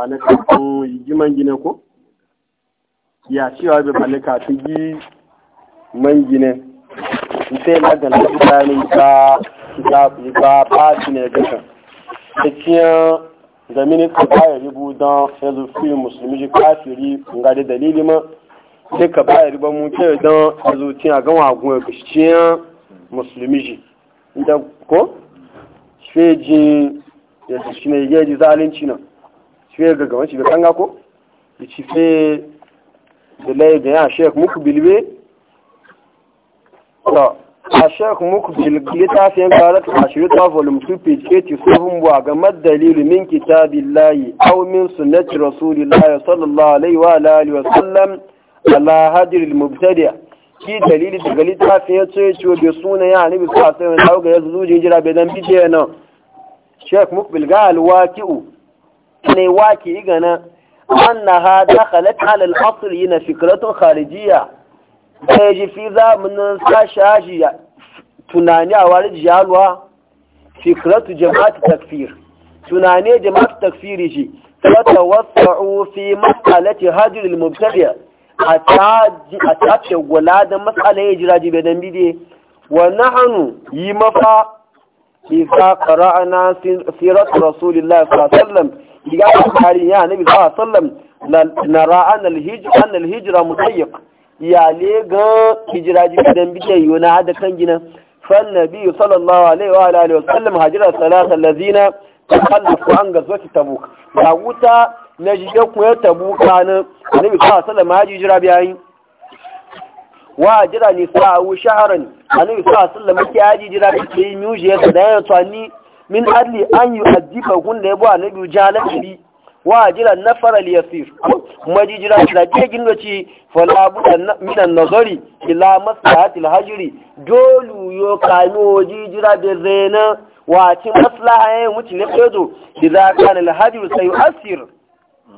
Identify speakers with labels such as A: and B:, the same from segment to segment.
A: bane kafin yigiman gine ko ya cewa bai bane kafin yi man gine sai na gana tsakanin ba ba ba shi ne gasa cikin zamini ka baya ribu don yanzu fiye musulmi ji kafiri ga da dalili ma sai ka baya riba mu ce don yanzu wagon musulmi ji ko shi ne zalunci nan shi ga kanga ko ci da shek muku bilbe a shek muku bilbe ta fi yin karat a shiri ta volume 2 page 87 wa ga madalilu min kitabillahi aw min sunnati rasulillahi sallallahu alaihi wa wa sallam ala hajril ki dalili daga littafin ya ce ciwo bai suna ya ya jira bai dan nan shek alwaki'u ne waki gana annaha dakhalat ala al-asl yana fikratun kharijiyya sai ji fi zamanin sashashi tunani a wari jihalwa fikratu jama'atu takfir tunani jama'atu takfiri shi fata wasa'u fi mas'alati hajr al-mubtadi a ta ce gwala da matsala ya jira jibe dan bide wa nahanu yi mafa isa qara'ana siratu rasulillahi sallallahu alaihi wasallam قال يا النبي صلى الله عليه وسلم نرى أن الهجر أن الهجرة مضيق يا ليغ هجرة جدًا بيجي ينادى كنجنا فالنبي صلى الله عليه وآله وسلم هجر الثلاثة الذين تخلفوا عن غزوة تبوك فوتا نجيكم يا تبوك أنا النبي صلى الله عليه وسلم هجر بيعي وهجر نساء شهرا النبي صلى الله عليه وسلم كي هجر بيجي ميوجي يتدين تاني min adli an yi ajiba hun da ya bu annabi jalan bi wa jiran na fara li yasir majijira da ke gindo ci falabu da minan nazari ila maslahatil hajri dolu yo kano jira da zena wa ci maslaha ya wuce ne kedo ka na al sai asir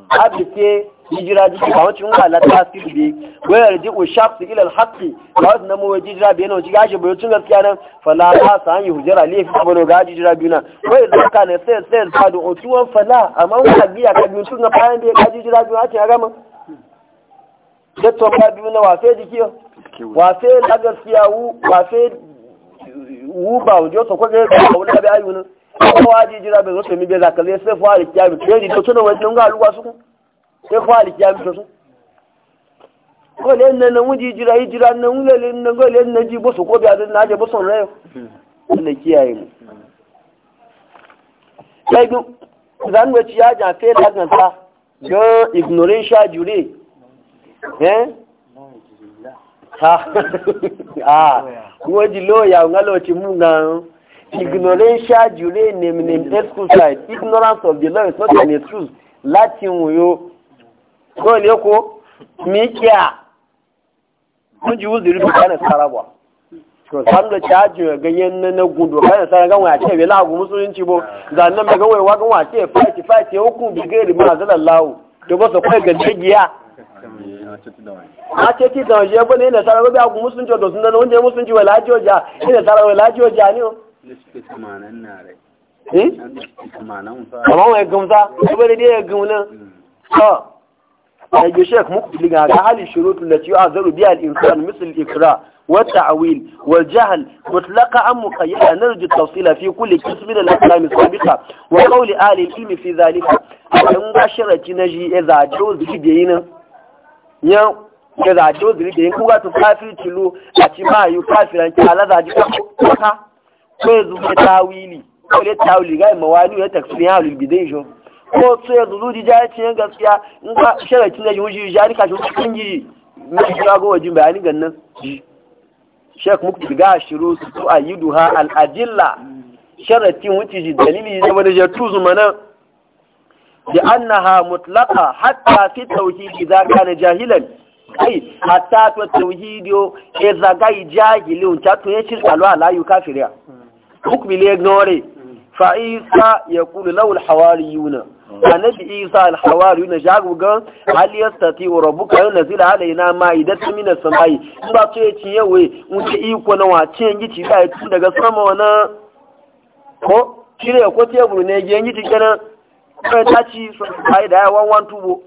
A: abike hijira jiki ba wacin wa la tasiri bi wa ji u shafsi ila alhaqi ba wasu mu mawai hijira bi na wuce shi bai gaskiya nan fala ta san yi hujira ne fi kamar ga hijira biyu nan wa da ka ne sai sai ta da otuwan fala amma wa biya ka biyu tun na bayan da ya ga hijira biyu a cikin gama da to ba biyu na wafe jiki wafe la gaskiya wu wafe wu ba wujo to ko ga wani abi kuma kowa hijira bai zo to mi bai zakalai sai fa da kiyabi kai da to tuna wajen ga aluwa su sai kwali ya mito sun kole nan nan wuji jira yi jira nan wulele nan gole nan ji bosu ko biya na je bosu rayo Allah kiyaye mu kai du zan wuce ya ja fe da kan ta ga ignorancia jure eh ha ah wuji loya ngalo ti mu na ignorancia jure ne name excuse ignorance of the law is not an excuse latin wo ko ne ko mi kiya kun ji wuzuri bi kana sarabwa to san da caji ga na gudu kana sara ga wa ce be la gu musulunci bo zannan be ga wai wa ga wa ce fati fati hukum bi gairi ma zalallahu to ba so kai ga jigiya a ce ti da je bo ne na ga gu sun wanda joja ina joja ne o eh
B: kamar
A: wai gumza ko gumna mm. daga shek mukbili ga ga hali shurutu da ciwa zaru biya al-insan misal ikra wa ta'wil wa jahl mutlaqa am muqayyada narju tafsila fi kulli qismin min al-ahkam sabiqa wa qawli ahli al-ilm fi dhalika an ga naji e za do ya ke za do zibiyin ku ga to kafir tulu a ci ma yu kafiran ki ta za ji ka ko zu tawili ko le tawili ga mawani ya takfir al-bidayjo ko su ya zuzu di jaya ciyen gaskiya in ka sharakin da yuji jari kashin cikin yi na shi ga wajen bayanin gannan shek mukti ga shiru su a yi duha al'adilla sharatin wuce ji dalili da wani jartu mana. da annaha mutlaka hatta fi tauhidi za ka na jahilan kai hatta fi tauhidi e zagayi jahilin ta tunye shirka alwa layu kafiriya hukmi le ignore fa ya yaqulu lawul hawari yuna annabi isa alhawari na jagu ga na yastati wa rabbuka yunzila alaina ma'idatan minas samai in ba to yace yawe in ci iko na wace gici da tun daga sama wana ko shirya ko tebur ne giyan gici kana kai ta ci sai da tubo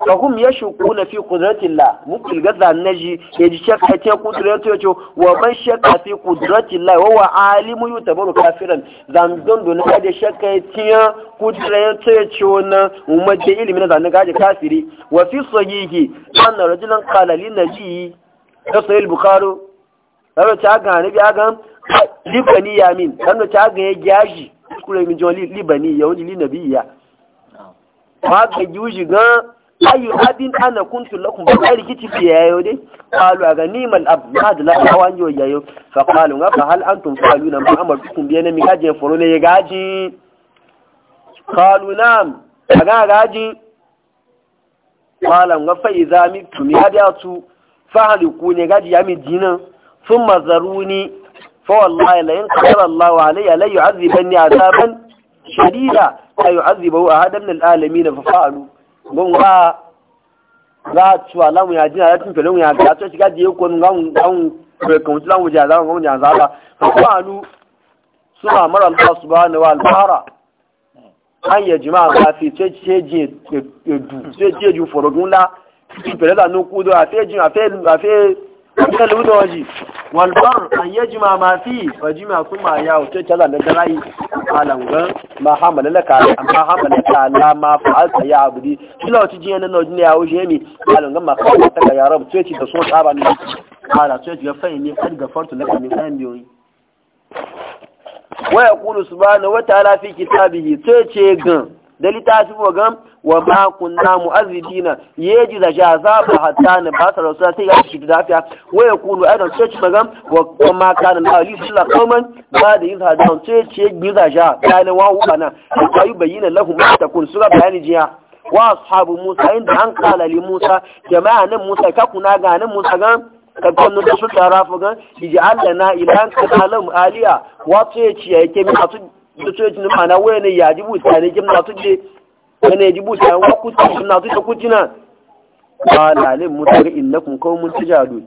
A: فهم يشكون في قدرة الله ممكن جزا النجي يجي شك حتى قدرة يجو ومن شك في قدرة الله وهو عالم يتبر كافرا زمزم دون هذا شك حتي قدرة يجو وما جئل من ذلك هذا كافري وفي صحيح أن رجلا قال للنجي تصحيح البخاري لما تاغا نبي اغا لبني يامين لما تاغا يجاجي كل من جولي لبني يوني لنبي يا ما تجوجي غان ayu abin ana kuntu lakum ba kai rikici fi yayo dai qalu ga nimal ab ma da lawan yo yayo fa qalu ga fa hal antum qaluna ma amartukum bi anami gaje foro ne gaji qalu nam ga gaji qalu ga fa idza mitu mi atu fa haliku ne gaji ya mi dinan thumma zaruni fa wallahi la in qala allah alayya la yu'adhibanni adaban shadida ayu'adhibu ahadan min al'alamin fa qalu gon ga ga tuwa lamu ya jina ya tunfe lamu ya ga to shiga je ko nun gan gan ko kan tulan wuja za mu ya za ba ko anu suna mara Allah subhanahu wa ta'ala an ya jima ga fi ce ce je du ce je ju forogun la tunfe la nu ku do a fe jin a fe a fe Abdullahi da waji walbar an yajma ma fi fajima kuma ya wuce tazan da dai alan ga ma hamala laka amma hamala ta la ma fa'alta ya abudi kila na jiyan nan wajin ya wuce mi alan ga ma fa'alta ga yarab tace da so tsaba ne ala tace ga fa'in ne kad ga farto laka ne kan biyo wa yaqulu subhanahu wa ta'ala fi kitabihi ce gan. da littafi wa gam wa ma kunna mu'azzibina yaji da jazaba hatta na ba ta rasul sai ya shi da lafiya wa yakulu aidan sai ci magam wa ma kana la ali illa qauman ba da yin hadan sai ci bi da ja kana wa wa na sai bayyana lahum ma takun sura bayani jiya wa ashabu musa inda an kala li musa jama'a nan musa ka kuna ga nan musa gam kakwannu da su tara fugan iji na ilan kanalan aliya wato ya ci yake mi a da coci na mana waya ne ya ne kim na tuje wani ya jibu ta wa kuci kim na tuje kuci ba lalin mutare innakum qaumun tajadun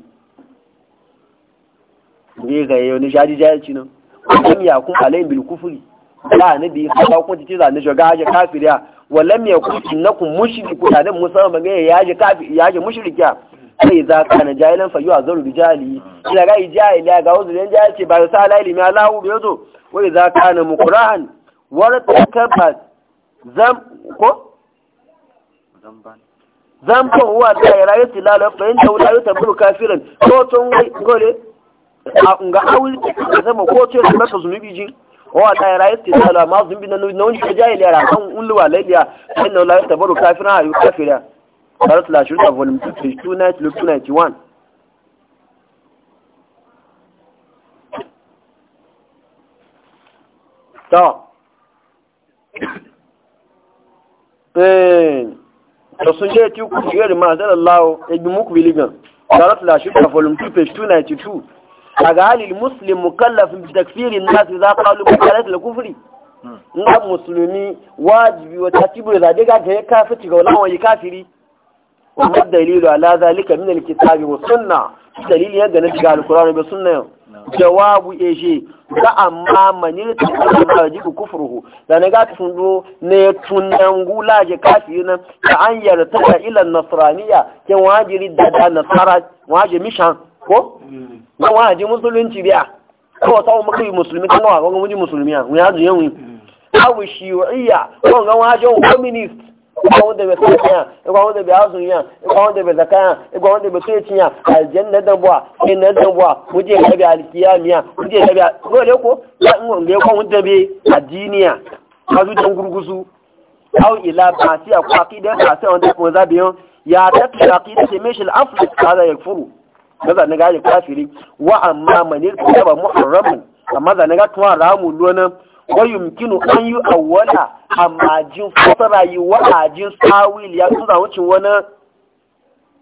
A: ne ga yau ne jadi jayaci nan kun ya kun alain bil kufri da ne bi ka kun ci za ne joga ja kafiriya wallam yakun innakum mushriku da ne musamman ga ya ja kafir ya sai za ka na jahilan fa a zaru bijali ila ga jahili ga ne jahili ce ba da sa laili mai Allahu bai zo wai za ka na mukurahan wani kabas zam ko zamban zamban huwa da ya rayu tilala fa in ta wuta ta buru kafiran ko tun gole a ga awi zama ko ce da maka zunubi jin wa tsaye rayu yasti tilala ma zunubi na nuni ka jahili ra kan ulwa laidiya inna la tabaru kafiran yi kafira Sarat Lashirka Volume 2, page 290, Luke 291. Ta. Da sun je ti ku shigar ma'azar Allah ya bi muku biligan. Sarat Lashirka Volume 2, page 292. A ga halin Muslim mukallafin takfirin nasu za ka lubu karat da kufuri. Hmm. Nga musulmi wajibi wata tibu da zaɗe ga ta ya kafi ciga wani kafiri. kuma dalilu ala zalika min alkitabi wa sunna dalili ya ga daga alqur'ani da sunna jawabu eje da amma mani ta kuma ji ku kufruhu da ne ga do ne nan gula je kafiri nan ta an yarda ta ila nasraniya ke wajiri da da nasara waje mishan ko na waje musulunci biya ko ta mu kai musulmi kan wa ga mu ji musulmiya mu ya ne. wi awu shi'iyya ko ga waje communist ikwa wanda bai kai ya ikwa wanda bai hasu ya ikwa wanda bai zaka ya ikwa wanda bai tsoye ya aljanna da bwa in na da bwa muje ka bi alkiyamiya muje ka bi dole ko ya mun ga ko wanda bai a ka zu dan gurgusu aw ila ba si akwa kidan ka sai wanda ko za biyo ya ta taqida ta mishal aflik kada yakfuru kaza ne ga kafiri wa amma manir mu muharramun amma za ne tuwa ramu lona wayumkinu an yi awwala amma jin fasara yi ajin tawil ya tuza wucin wani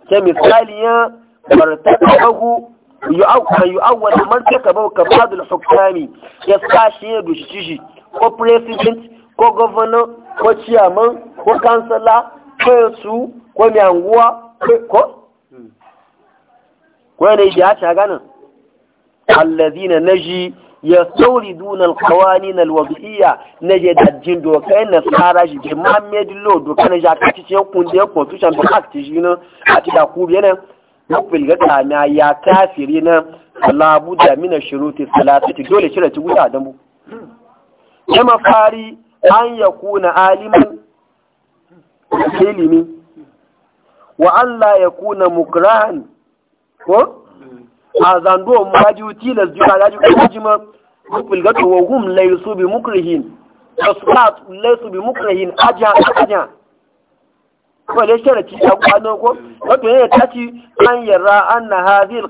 A: ke misali ya martaka agu yi awwala martaka bau ka badul hukami ya sashi ya dushi shi ko president ko governor ko chairman ko kansala ko su ko mai anguwa ko ko hmm. yana yi da ya a ganin الذين نجي يستوردون القوانين الوضعية نجي دجين دو كأن نصارى جمع ميد اللو دو كان جا كاتي تي كون دي كونستيوشن دو اكت جينا حتي دا كوب ينا نقبل غدا ما يا كافرين لا بد من الشروط الثلاثة دول شرط غدا آدمو كما فاري أن يكون aliman ilimi وأن لا يكون مكران a zanduwa maji tilas juna daji kuma jima rufin gato wa hum laisu bi mukrihin asfat laisu bi mukrihin aja aja Kuma da shi ci ya kwano ko wato ne ta ci an na anna hadhihi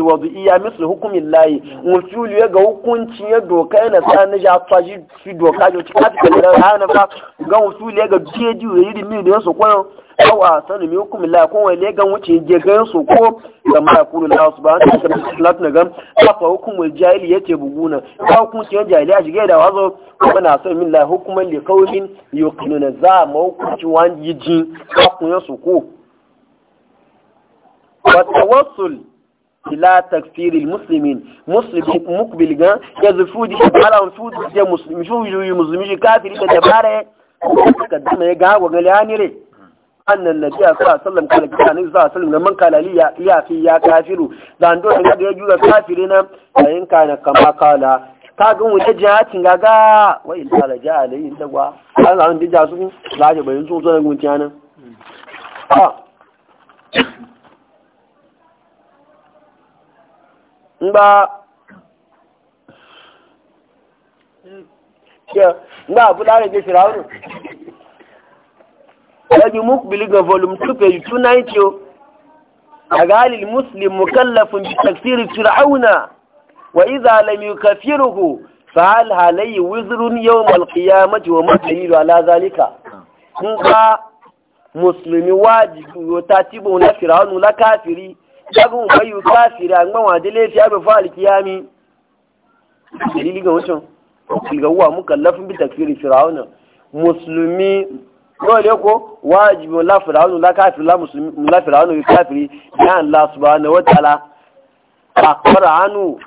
A: wazu iya misl hukumin layi musul ya ga hukunci ya doka yana tsanin ya tsaji shi doka jo ci ka ta ya hana ba ga musul ya ga jeji yayi dimi da su koyo aw asanu min hukum la ko wale gan wuce je gan su ko kama yaqulu Allah subhanahu wa ta'ala salatu nagam afa hukumul jahili yace buguna ka hukum ce jahili a shige da wazo kuma na san min la hukuman li qawlin yuqinuna za ma hukunci wan yiji ka kun su ko wa tawassul ila takfiri muslimin muslimi mukbil ga yazfu di ala fu di muslim shu yu muslim shi kafiri da dabare ka dama ya ga gwagali anire annan nabiya sallallahu alaihi wasallam kana sallallahu alaihi wasallam man kala liya ya fi ya kafiru dan do da ya kafiri na ayin kana kama kala ka ga mu jihatin gaga wa in kala ja alai in dagwa an an dija su za ga bayin sun sun gun tiyana ah Rabi Mukbili ga volume 2 page 290 Muslim bi Fir'auna wa idza lam yukaffiruhu fa hal halayhi wizrun yawm al wa ma dalilu ala zalika muslimi wajibi yo tatibu na la kafiri mu bayu kafiri an gwan wajile fi abu fa dalili ga ga bi tafsirin Fir'auna yau ne ko wajibi la fir'aunu la kafir la muslimi la fir'aunu kafiri ya Allah subhanahu wa ta'ala akbara anu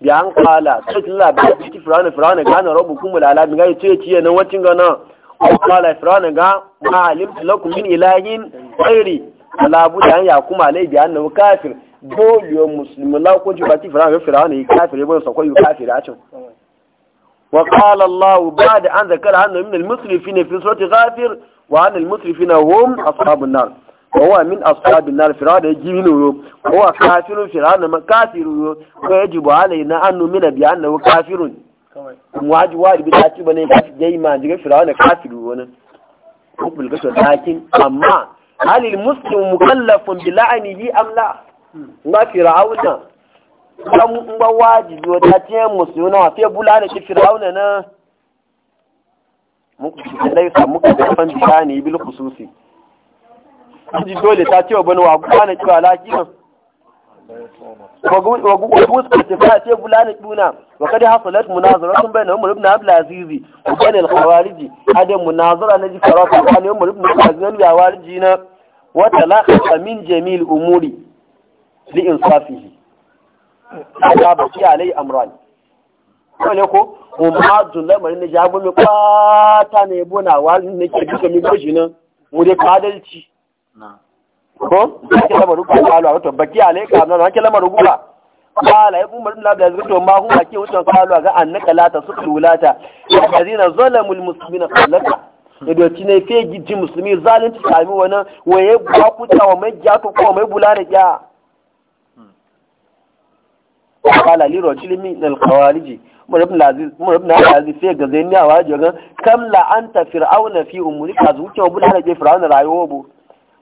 A: bi an qala tutla bi ti fir'aunu fir'aunu kana rabbukum la ala mi ga ce ce nan wacin ga nan qala fir'aunu ga ma alim lakum min ilahin ghairi la bu dan ya kuma alai bi annahu kafir dole muslimi la ko ji ba ti fir'aunu fir'aunu kafiri ba sa ko kafiri a وقال الله بعد أن ذكر أنه من المسرفين في سورة غافر وأن المسرفين هم أصحاب النار وهو من أصحاب النار فرعون يجيبينه وهو كافر فرعون كافر ويجب علينا أن نؤمن بأنه كافر واجب واجب تاتيب أن يكافر جاي ما عندك فرعون كافر وانا أقبل قصة لكن أما هل المسلم مكلف بلعنه أم لا؟ ما فرعون kan ba wajibi wata tiye musu yana wafe bula ke firaunan na muku shi da laifa ka da kan bisa ne bil khususi kaji dole ta ce bani wa kuma na kiwa lakiya wa gu wa gu ta ta ce bula na duna wa kada hasalat munazaratun bayna umar ibn abd al wa bayna al-khawarij hadin munazara na ji fara ta bayna ibn al-aziz wa na wa talaqa min jamil umuri li insafihi ala baki alai amran kone ko umma zulamar ne jago mi kwata ne bona wani ne ke bi duka mi goji nan mu dai kadalci ko ake lamarin ku kalu wato baki alai ka na, amran ake lamarin ku kala ya umar ibn abdul aziz to ma huma ke wutan kalu ga annaka la tasululata allazina zalamul muslimina qallaka idoci ne fe gidi musulmi zalunci sami wani waye ba kuta wa mai gyato ko mai bula da gya kala liro jilimin alkawariji murabin na alazi sai ga zai niya wa gan. kam la'anta fir'auna fi umurika zuke wa bulana ke fir'auna rayuwa bu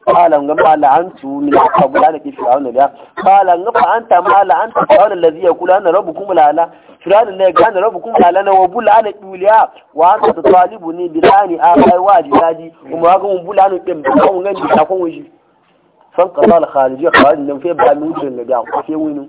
A: kala nga ma la'antu min aka bulana ke fir'auna biya kala nga fa anta ma la'anta fir'auna lazi ya kula na rabu kuma lala fir'auna ne gane rabu kuma lala na wa bulana kuliya wa anta ta talibu ni bilani a kai wa jidadi kuma wa ga mun bulana ɗin ba kan wani bi ta kun wuji fan kasa al-kharijiyya kharijin nan fa ba mu wuce ne da ko sai wani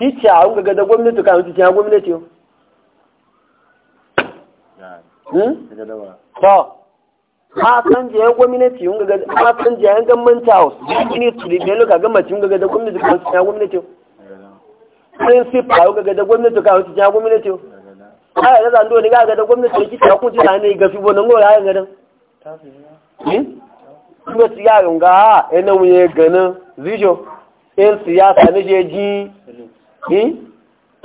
A: kici a hunga ga da gwamnati kan kici a gwamnati hmm? ba a san jiyan e gwamnati hunga ga a jiya jiyan e government house ni su da belo ga gwamnati hunga ga da gwamnati kan kici a gwamnati principal hunga ga da gwamnati kan kici a gwamnati ai da zan do ni ga ga da gwamnati kici a kunci na ne hmm? ga fi bonan go ya ga dan kuma siyarin ga ina wuye ganin zijo in siyasa ne je jin eh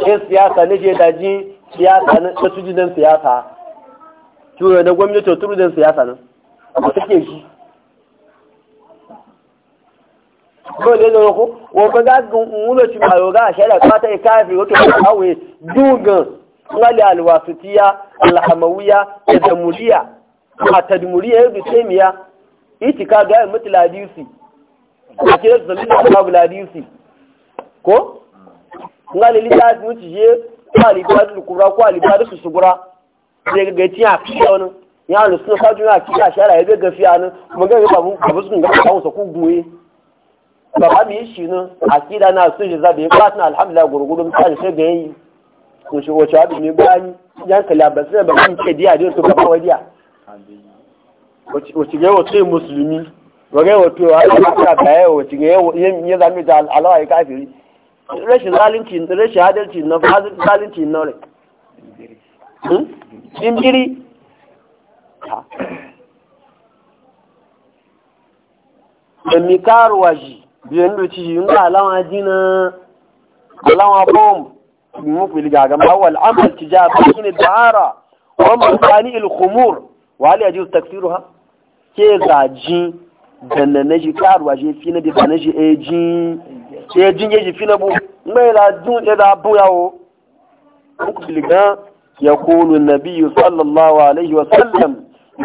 A: eh siyasa ne ke daji siyasa ne ta tuji dan siyasa Tura da gwamnati turu dan siyasa nan ba take shi ko le do ko wo ba ga ngulo ti mayo ga shaida ka ta kafi wato ka hawe dugan ngali alwasitiya alhamawiya tadmuliya atadmuliya ibn taymiya itika ga mutladisi ake zalimi babu ladisi ko Nga ngali litafi wuce je ko alibadu kubra ko alibadu su sugura sai ga gaci a fiya wani ya lu sun sa juna kika shara ya ga gafiya nan kuma ga babu babu sun ga kawo sa ku goye baba bi shi nan akida na sun ji zabe ba tana alhamdulillah gurgudun sai sai ga yi ko shi wace abin ne gani yan kala ba sai ba kun ke diya da to ba wadiya wace ga wace musulmi wa ga wato Allah ya ka ya wace ga ya zame da Allah ya kafiri rashin zalunci rashin adalci na fazin zalunci na rai hmm? jimbiri da mi karuwa shi biyan doci shi yin alawa jina alawa bom mafi ligagan bawal ja tija baki ne da'ara wa mafani il khumur wa hali ajiyu taksiru ha ke zaji dana na shi karuwa shi fi na diba na shi ejin ejin ya ji fi na e e bu mai e la dun ya da bu yawo ku biliga ya kulu biyu sallallahu alaihi wa sallam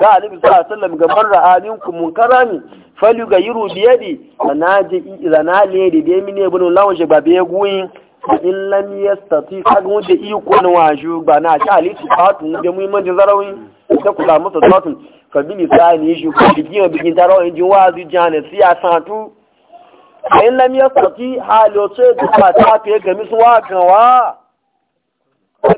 A: ga alibi sallallahu alaihi wa sallam ga mun alinku munkarami falu ga yiru biyadi na je na le de de mine bunu lawon shi babe guyin in lam yastati kagun da iko na waju ba na shi alitu fatun da muhimmancin zarawi da kula masa fatun kabili sani shi ko bikin bikin taro in ji wazi jane siyasa tu in lam yastati halo ce da ta fe ga miswa kawa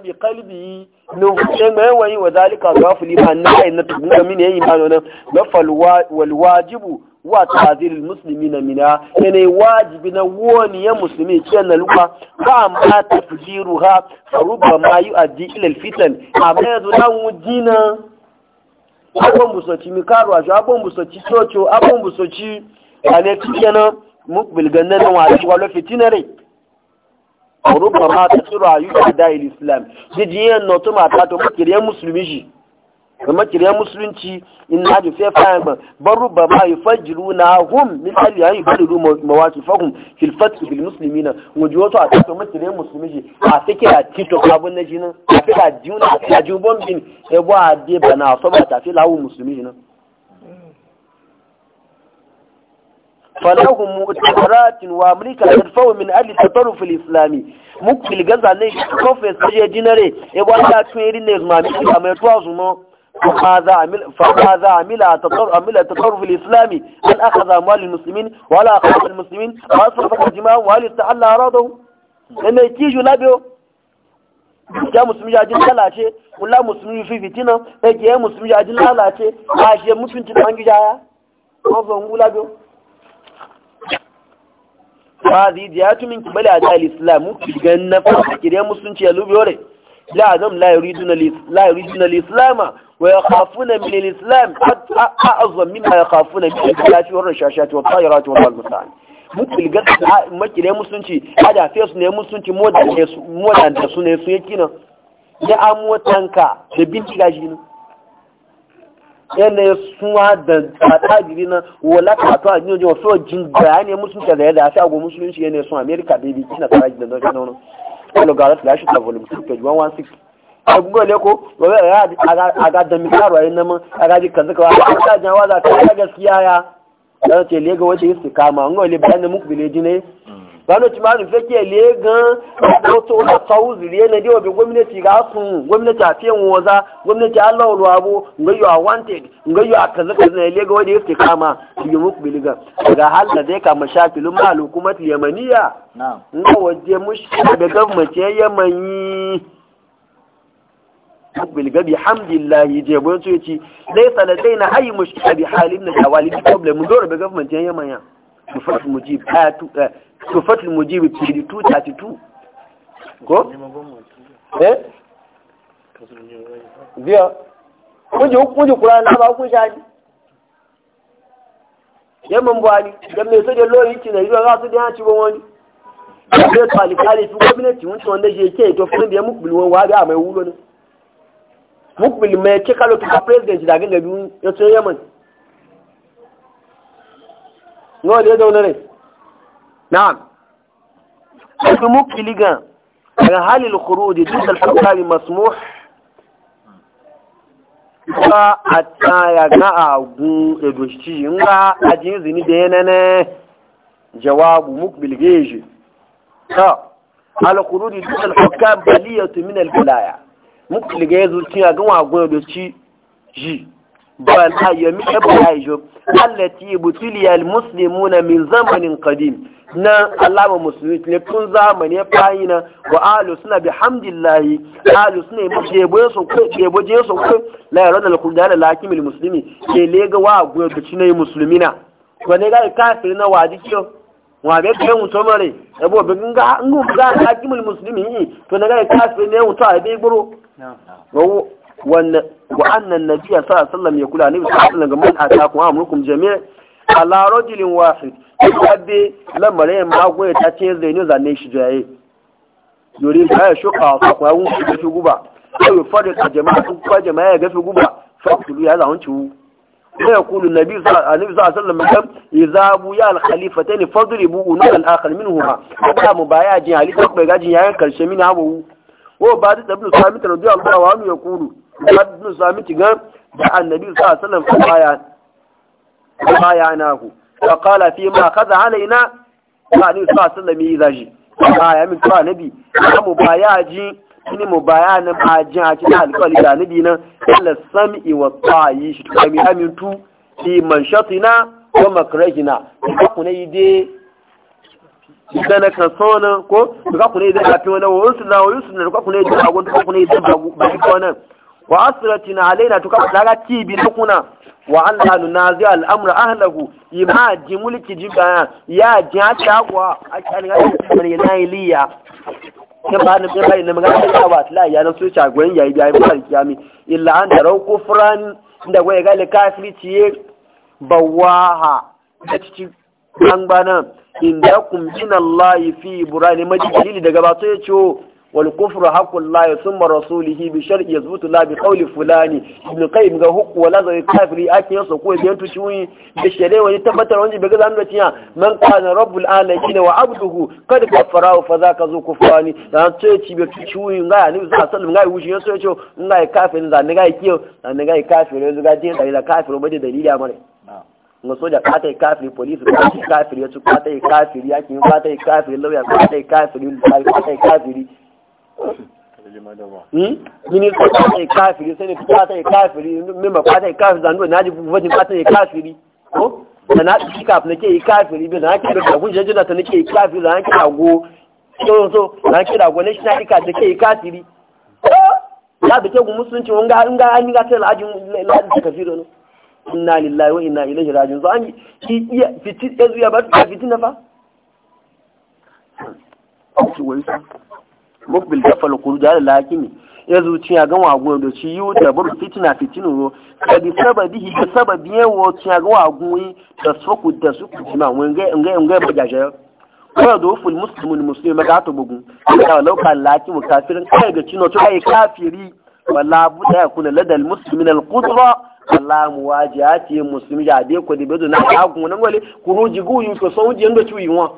A: bi qalbi no sai mai wani wa zalika ghafili man na in na tunda min yayi imano nan na falwa wal wajibu wa ta'dil muslimina mina yana wajibi na woni ya muslimi ce na luka ba ma tafjiruha rubba ma yu'addi ila al fitan amma yanzu nan wujina abin busoci mikaruwa shi abin busoci soco abin busoci a ne cike na mukbilgan nan wa shi wala fitina rai rubar ma ta tsira yi da islam jijiyan na to mata to mukiriyar musulmi shi kamar kiriyar musulunci in na ji sai fayan ban baru ba ma yi fajiru na hum misali ya yi fajiru mawaki fahim hilfat bil musulmi na wajen wato a cikin kamar kiriyar musulunci a sake a tito abin na jinin a fi a juna a fi a jubon bin ebo a de ba so ba ta fi lawun musulmi na. falahun mu'taratin wa amurka da fawo min ali ta taru fil islami mukil gaza ne kofes ta je jinare ebo a ta tun irin ne ma mi zuma mai tuwa zuma فماذا عمل فماذا عمل عمل التطرف الإسلامي هل أخذ أموال المسلمين ولا أخذ المسلمين وأصرف الدماء وهل استحل أراضهم لأن يتيجوا لابيو ya musulmi ya lalace kula musulmi fi fitina yake ya musulmi ya lalace a shi mutunci da hangi jaya ko zo ngula biyo ya tumin kibali a dal islam kigan na fa kire musulunci ya lubiyo re la azam la ويخافون من الإسلام أعظم مما يخافون من الفلاش والرشاشات والطائرات والمساعد mutum ga maki ne musulunci a da su ne musulunci da su ne su ya kina ya amotanka da bin gashi ne yana ya suwa da tsata na wala kato a jini wasu jin gaya ne musulunci da ya da shago musulunci yana ya sun amerika da ya kina tsara jini da zafi na wani kwallo ga ta volume 2 page 116 agogo ne ko gobe a ga da mikaro yayin nan a ga jikan suka wa ta jawa za ta ga gaskiya ya da ce le ga yi su kama an gole bayan muku bileji ne bano ci manu fake le ga to na sauzi le ne dio bi gwamnati ga sun gwamnati a fiyan woza gwamnati Allah wa ruwabo ngayo a wanted ngayo a kaza kaza ne le ga wace yake kama bi muku biliga ga hal da zai kama shafilun ma hukumat yamaniya na'am ngawaje mushi da gwamnati yamani bil gabi hamdillahi je boyan so yace dai saladai na ayi mushkila bi halin da wali bi problem mun dora be government yan yaman ya tufat mujib eh, mujib 232 ko eh biya qur'an ba ku shaji yamman ci za su ci ya zai tsalikali fi gwamnati wancan wanda shi ke to fi da ya muku bilwon wa mai wulo ne mukbil mai ke kalo da president da gaga gabi ya ce yaman nawa da ya zaune rai na'am ɗauki mukbili ga daga halin kuruji duk da alfakari masmuh ba a tsaya ga agun edoshi in ba a jin zini da yana na jawabu mukbil geji ta al-khuruji duk al-hukam baliyatu min al-bilaya mutu ya yanzu tiya gan wa goyo da ci ji ba la yami ibra ijo allati butili al na min zamanin qadim na alama musulmi ne tun zamani ya fayi na wa alu suna bi hamdillahi alu suna mu jebo su ko jebo je su ko la yarana al qur'an la hakimil muslimi ke le wa goyo da ci yi muslimina ko ne ga kafin na wadi kiyo wa be kan wuto mare ebo be ga ngu ga hakimil muslimi to ne ga kafir ne wuto a bai gboro wa annan nabiya sallallahu alaihi wasallam ya kula ne sallallahu alaihi ga man atakum amrukum jami'a ala rajulin wahid kabe lamarin ma ya ta ce zai ne zane shi jaye yuri ka ya shuka fa ko yawun shi gafi guba sai ya fara a jama'a sun kwa jama'a ya gafi guba fa ya zahun ciwu ya kulu nabi a alaihi wasallam kam izabu ya al khalifatayn fadribu unal ba mu baya jin halitta gajin karshe min ko ba da ibn samit radiyallahu anhu ya kuru ba da su samit ga da annabi sallallahu alaihi wasallam fa baya na ku fa qala fi ma hana alaina ba ni sallallahu alaihi wasallam yi zaji ba ya min fa nabi mu baya ji ni mu baya nan a ji a cikin alƙawari da nabi nan Allah sam'i wa ta'i shi kami amintu fi manshatina wa makrahina ku ne dai dana kan sona ko duka kuna idan ka tona wa yusu na wa yusu na duka kuna idan bago duka kuna idan bago ba ko nan wa na alaina tuka kuna ga tibi na kuna wa Allah nunazi al'amra ahlahu ima ji mulki ji baya ya ji ha ta kuwa a kan ga kan yana iliya ke ba ni bai ne magana ta ba la ya nan su ta gwen yayi yayi ba kiyami illa an tarau kufran da gwaye ga le kafiri ciye bawaha ta cikin an bana inda kun min Allah fi burani maji dalili daga ba to yace wal kufru haqqul la thumma rasulihi bi shar'i yazbutu la bi qawli fulani ibn qayyim ga hukku wala zai kafiri akin yaso ko biyan tu ciwi da shari'a wani tabbatar wani bai ga zan da tiya man kana rabbul alamin wa abduhu kad kafara fa zaka zu kufani dan to ci bi ciwi ga ni za sallam ga wuce yaso ce ga kafirin da ni ga kiyo da ni ga kafirin da ga tin da kafirin ba da dalili amare nga soja kata yi kafiri polisi kata yi kafiri yacu kata yi kafiri yakin kata yi kafiri lauya kata yi kafiri lusari kata yi kafiri minista kata yi kafiri senate kata yi kafiri memba kata yi kafiri zanuwa na ji vajin kata yi kafiri ko da na ci kafin nake yi kafiri bi na kira da kun jajjuna ta nake yi kafiri da na kira go so so na kira go national ika da ke yi kafiri ya bi ke gu musulunci wanga an ga an ga ta la'ajin la'ajin kafiru ne inna lillahi wa inna ilaihi rajiun so an ki iya fiti ya zuya ba ta fitina fa ki wai sa mukbil kafal qurja lakini ya zuciya ga wagun da shi yu da bur fitina fitinu ro ka bi sababihi da sababiyan wo ciya ga wagun da soku da su ku ma won ga ga ga ba jaje ko da ful muslimun muslim ga to bugun ka lauka laki mu kafirin kai ga cino to ai kafiri wala buda kuna ladal muslimin al qudra Allah mu waji ya ce musulmi ya dai ku dibe na ya ku nan wale ku ruji guyu ko so wuji yanda ciwi wa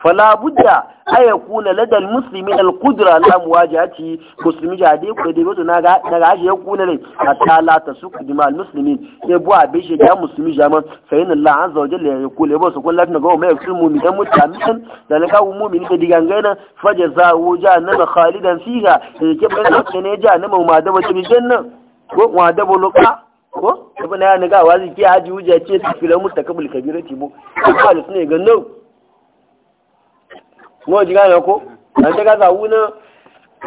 A: fala budda ay yakuna lada al muslimin al qudra la muwajahati muslimi ya dai ku dibe na ga daga shi ya kuna ne hatta la tasuku jima al muslimin sai bu abi shi da musulmi jama fa inna Allah azza wa jalla ya kula ba su kullu daga mai yaksul mu'minan mutamin da na kawo mu'min da digangana fajaza wuja na khalidan fiha yake bayan ne ja na mu ma da wata bijanna ko wa da buluka ko na ya naga wazi ki haji wuje ce su fira mutakabul kabirati bo ko da sune ga no mo ji ga ko an ta ga wuna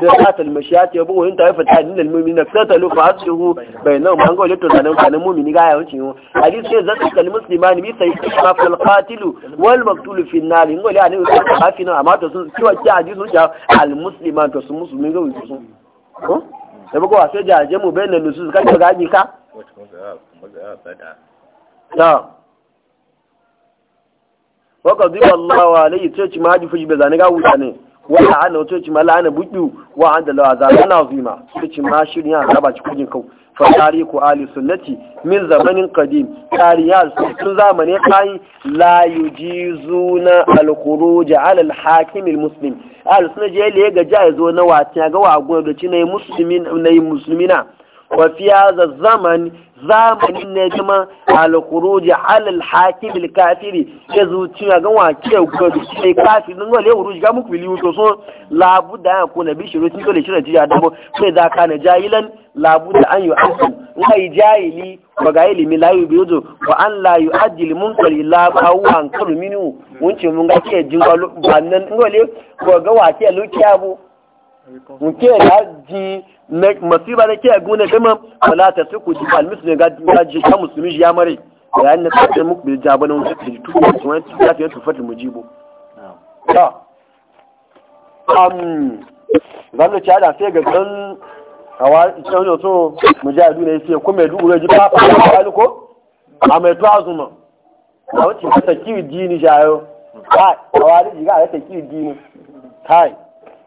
A: da ta satal ta yabo wani ta yafa tani da mu'min na fata lu fa'atuhu bainahum an ga lato sanan kanan mu'mini ga ya wuce hadisi sai zaka kal muslimani bi sai kuma fal qatilu wal maqtul fi nar ngoli ani ko ta fina amma to sun ciwa ki hadisi al musliman to sun musulmi ga wuce sun ko da bako wa sai jaje mu bayan su ka ga gaji ka na waka zuwa Allah wa alayhi sai ma maji fushi bai zane ga wuta ne wata ana wato ci mala ana buɗu wa an da lawa a na zima su ci ma shirin a raba ci kujin kau fa ko ali sunnati min zamanin qadim tariya ya zamanin kai la yujizuna al khuruj ala al hakim al sunna je le ga ja zo na wata ga wa da ci na muslimin musulmina. wafi yaza zaman zamanin ne kuma alkuruji halal hakimil kafiri ya zuci ga wake gudu sai kafirin wale huruji ga muku biliyu to so labu da ya na bi shiru dole shirin ji ya dabo sai da ka na jahilan labu da an yi asu wai jahili ko ga ilimi la yi biyu wa an la yi ajil munkar illa ba an karu minu wunce mun ga ke jin ba nan wale ko ga wake lokiya bu mun ke da ji masiba da ke a gune dama wala ta sai ku ji almisu ne ga ji ta musulmi ya mare da yan na muku bi jaba nan wani ji tuku su wani tuku ya mu jibo ta zan ci ala sai ga dan hawa can yo so mu ji a ne sai kuma du ure ji fa fa alu ko a mai to azuma a wace ta taki dini jayo kai hawa ji ga ta taki dini kai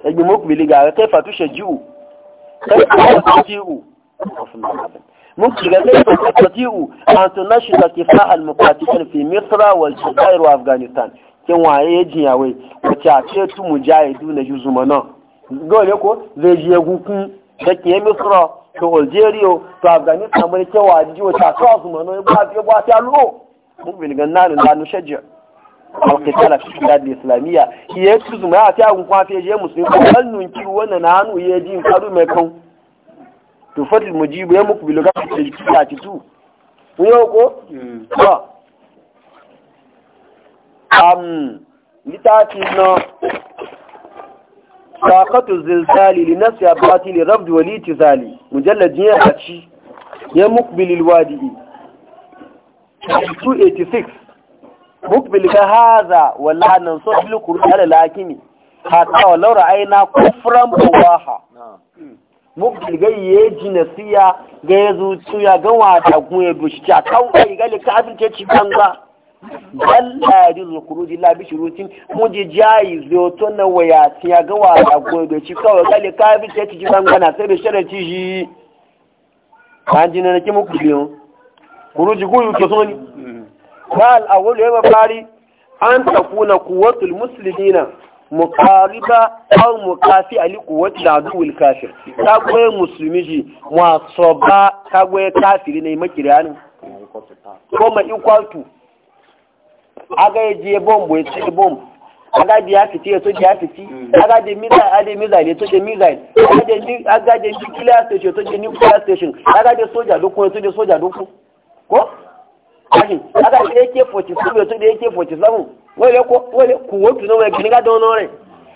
A: sai muku bi liga kai fatushe jiu
B: تستطيع
A: ممكن لديك تستطيع أن تنشط كفاء المقاتلين afganistan مصر والجزائر وأفغانستان kin waye ya jiyawai wacce a ce tu mujahidu na yuzumanan dole ko zai ji ya gukun da ke misra to algeria to afghanistan mai kewa ji wacce a kawo su mano ya ba ta lo mun bin ganna da nanu shajjar alƙitala fi shiga da islamiyya iya su zuma hmm. a fiya gunkwa fiye je musulmi ko kan nunki wannan na hannu iya ji karu mai kan to fadil mujibu ya muku biloga ta jiki ta ci tu kun yau ko? ba am litafi na sakatu zilzali li nasu ya bati li rabdi wa liti zali mujallaji ya ci ya muku bilil wadi'i 286 mukbil ka haza wala nan so bil qur'an lakimi hatta walau ra'ayna kufran buwaha mukbil ga ye jinasiya ga yazu tuya ga wata kun ya doshi ta kawai ga lika abin ce ci banza bal la yajuz khuruj illa bi shurutin muje jayi zoto na waya tiya ga wata kun ya doshi kawai ga lika abin ce ci banza na sai da sharati shi kan jinana ki mukbil yo khuruj ku ke soni قال أول يوم فاري أن تكون قوة المسلمين mukariba aw mukafi ali العدو الكافر aduwil مسلمي kagwe musulmi ji waso ba kagwe kafiri ne aga je bomb we ce bomb aga di to di afiti aga di missile a di missile to di missile aga aga di nuclear station to nuclear station aga di soja doko soja ko ajin aga ti eke forty seven to de eke forty seven wọ́n lè kó wọ́n lè kó ga tún náà gínígá dán náà rẹ̀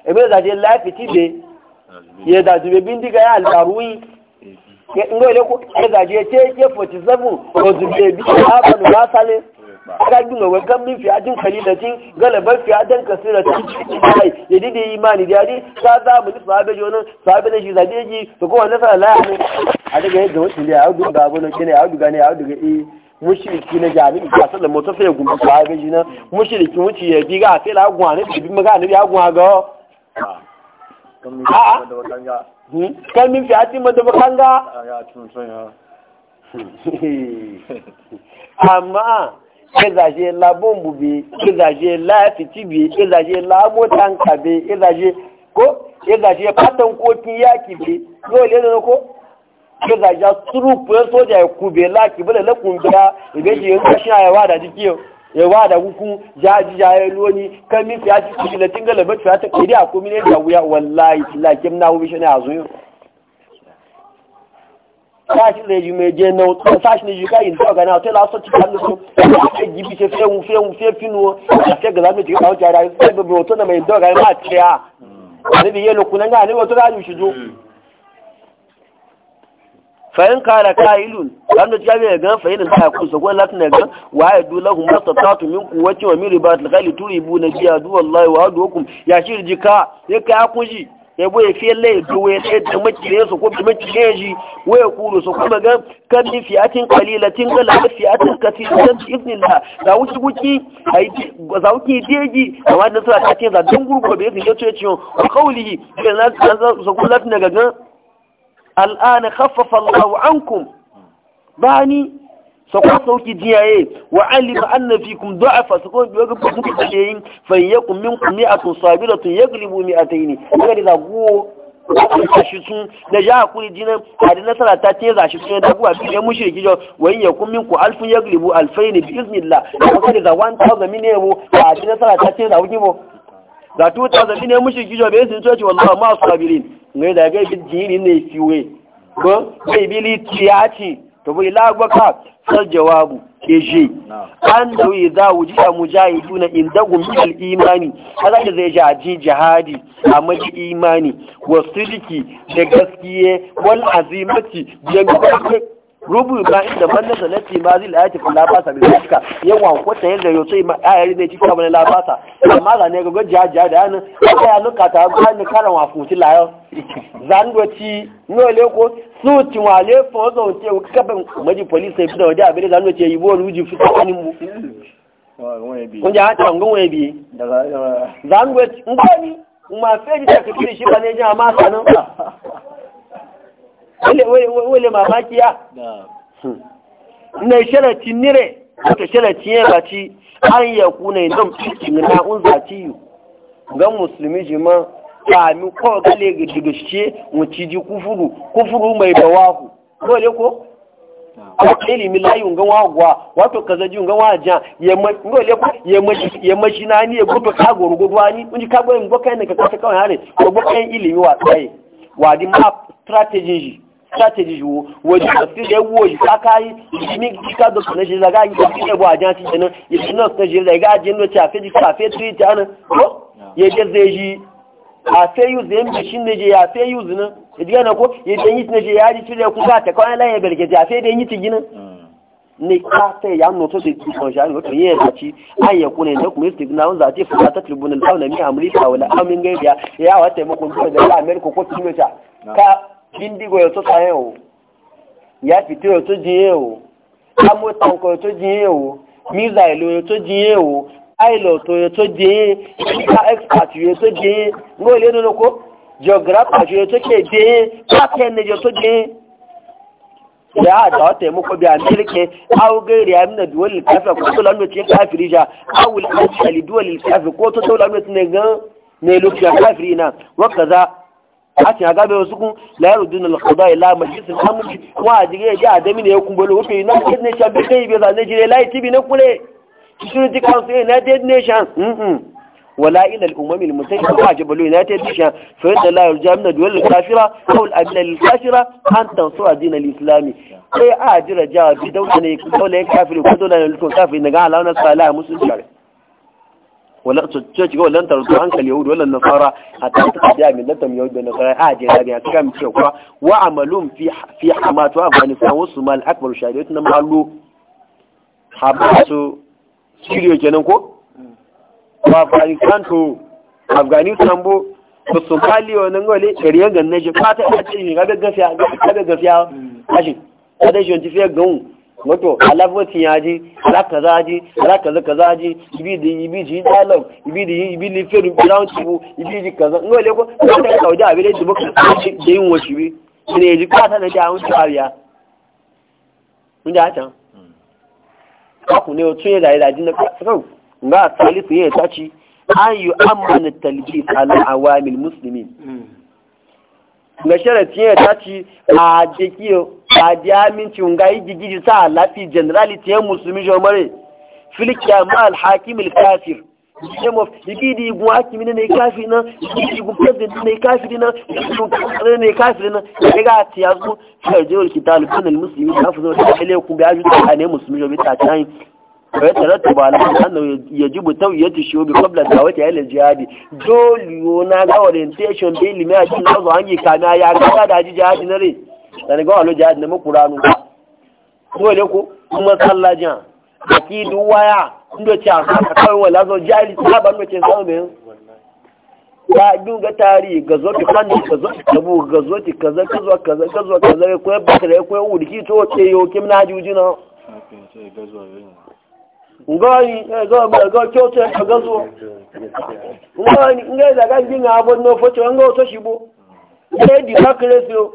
A: èmi náà dàdé láìpẹ́ tí de yẹ dàdú bèbí eke eke forty seven òdù aga gbìmọ̀ wẹ̀ gàmí fi adín kàlí dàtí gàlẹ̀ bá fi adín kàsí dàtí báyìí yèdí de yìí máa nìdí mushiriki na jami'i ka sallar mota sai ya ko ai gaji na mushiriki wuce ya bi sai la gwa ne bi maga ne ya gwa ga a kan min fi ati mata
B: bakanga hmm?
A: amma ke la bombu bi ke la fiti bi ke la motan ka bi ko ke zaje fatan kokin yaki bi dole ne ko ke zaja surupu ya soja ya kube laki bala na kungiya ibe ji yanzu shi ya da jiki ya wa wada huku jaji yi loni kamin ya ji kuji na tingala ba ta ta kiri a kuma ne da wuya wallahi lakin na wubi shi ne a zuyo sashi da yi mai je na wuta sashi ne yuka yin tsaga na hotel aso ci kan su ya gibi ce fe wufe wufe fino ya fe ga zamu ci kawo jara sai babu hoto na mai doga na ciya ne bi yelo kunan ga ne hoto ga ju shi fa'in kala kailun kan da jabi ya gan fa'in da ya kusa ko latin ya gan wa ya dula ta mastatatu min quwwati wa min ribat al-khali turibu na jiya du wallahi wa ya shirji ka ya kai akuji ya bo ya fiye lai duwe ya da makire su kuma da makire shi waya kuru su kuma gan kan bi fiyatin qalilatin kala fiyatin kathiratin bi da za deji da ta ce za su gan al'ana khaffafa Allahu ankum bani sakon sauki jiyaye wa alima anna fikum du'afa sakon biyo ga kuku kuke yin fa yakum minkum mi'atun sabiratun yaglibu mi'ataini daga da go a shi sun da ja kuri jinan a da nasara ta ce za shi sun da guwa biyan mushriki jo wa in yakum minkum alfun yaglibu alfaini bi iznillah daga da 1000 min ne a da nasara ta ce za ku da tuta zabi ne mushi gijo bai sun coci wallahi ma sabirin ne da ga jini ne fiwe ko bai bili tiyaci to bai lagwaka sal jawabu ke an da wai za wuji a mujahidu na inda gumbin imani kaza da zai jaji jihadi a maji imani wasu liki da gaskiye wal azimati da gaskiye rubu ba inda banda da nasi ma zai lati fa la basa bi zaka yawan ko ta yanda yo sai ayari ne cikin bane la basa amma ga ne ga gajiya da yana ko ya luka ta ga ni karan wa futi layo. yo zando ci no le ko su ti wa le fo zo te ka ban maji police sai da waje abin zando ce yibo ruji fita kanin mu kun ja ta ngon we bi zando ci ngani ma fe ji ta kike shi bane ja ma sanan wani mamaki ya na sharaci nire wata sharaci ya zaci an ya na idan cikin na un zaci yi gan musulmi jima sami kawai gale daga shigashe wuci ji kufuru kufuru mai bawahu dole ko a ilimi layi gan wagwa wato kaza ji gan wajen ya mashi na ni ya gudu kagoro guduwa ni kunji kagoro yin gwakan ka kasa kawai hannun ko ilimi wa tsaye wadi ma map strategy láti rí wo wọ́n ti ṣe wo ìsákáyí ní kíkà dọ̀tún náà ṣe lága yìí kí ẹ̀bọ̀ àjá ti jẹ̀nà ìṣẹ́ náà ṣe lága jẹ́ náà ti àfẹ́jì kí àfẹ́ tí ìta náà ó yẹ jẹ́ ṣe yí àfẹ́ yùzì ń bì sí ní ṣe àfẹ́ yùzì náà ìdíyẹ́ náà kó yẹ jẹ́ yìí ti ṣe yá rí sílẹ̀ kú káàtẹ̀kọ́ ẹlẹ́yìn bẹ̀rẹ̀ kẹ̀tẹ̀ àfẹ́ dé yìí ti jiná ne kata ya nuna sosai tukon shari'a wato yin yarci an ya kuna da kuma yusuf na wanzu a ce fuka ta tribunal kawai na miya amurka wani amin gaibiya ya wata taimakon kuma da ya amerika ko kimiyya ka bíndígbò ẹ̀ tó o ìyá fìtí ẹ̀ tó dín yẹ̀ o amótankọ̀ ẹ̀ tó dín yẹ̀ o míza ìlú ẹ̀ tó dín yẹ̀ o pilot ẹ̀ tó dín yẹ̀ medical expert ẹ̀ tó dín yẹ̀ ní olè nínú kó geographer ẹ̀ tó kẹ̀ dín yẹ̀ captain ẹ̀ tó dín yẹ̀ da a da wata muku bi amirke aw gairi ya mina duwal kafir ko to lamu tin kafiri ja aw al kafir duwal kafir ko to lamu tin ga ne lu kafirina wa kaza ati aga be osuku la yurdun al qada ila majlis al amr wa jige ja adami ne kun bolo ofe na kid ne shabe kai be ne jire lai tibi ne kule security council nation nations mhm wala ila al umam al mutahida wa jabal united nation fa inna la yurja min dawal al kafira aw al abla al kafira an tansura din al islami sai ajira jira ja bi dawla ne ko dole kafiri ko dole ne ko kafiri daga alawana sala musulmi wala ce ci wala tar to hankali yahudu wala nasara A ta da millatam yahudu da nasara a je da ya kam ce kuwa wa amalum fi fi hamatu afghanistan wa sumal akbar shahidatu na malu habatu shirye kenan ko wa afghanistan to afghanistan bo to somali wannan gole shari'a ganna shi? fata a cikin ga gaskiya ga gaskiya ashin kada shi on ti fi gan wato alafati ya ji alaka za ji alaka za kaza ji ibi da ibi ji dalau ibi da ibi ni feru brown tibu ibi ji kaza ngo le ko ko da abi da dubu da yin washi bi ne ji ka ta da ja hun tariya mun da ta ku ne o tun da da din na ko nga talifu ye ta ci an yu talbis ala awamil muslimin mm. ga sharati ye ta ci a jekiyo adi aminci nga igi gidi sa lafi ta yan musulmi jomare filikiya ma alhakim alkafir yam of igidi igun hakimi ne kafi na igidi igun president ne kafi na igun kare ne kafi na daga ti azu farje wal kitab kun al muslimi da fa zo da kale ku ga ju ta ne musulmi jomi ta tan wai tarattu ba lan annahu yajibu tawiyatu shubi qabla dawati ila jihadi dole yo na ga orientation bai limi a cikin azu yi kana ya ga da jihadi na sani ga wani jihadi na makuranu ba kuma ne ko mu tsallajiya a ki duwa ya ndo cha ka kawai wala zo jihadi ta ban mace samun bayan ya ga tari ga zo ki fanni ga zo ki tabu ga zo ki kaza kaza kaza kaza kaza ya koyar ba da ya koyar wuri to ce yo kim na ji na ngani eh, ga ga ga ce ka gazo ngani ngai da ga jinga abun no foto ngo to shibo eh di so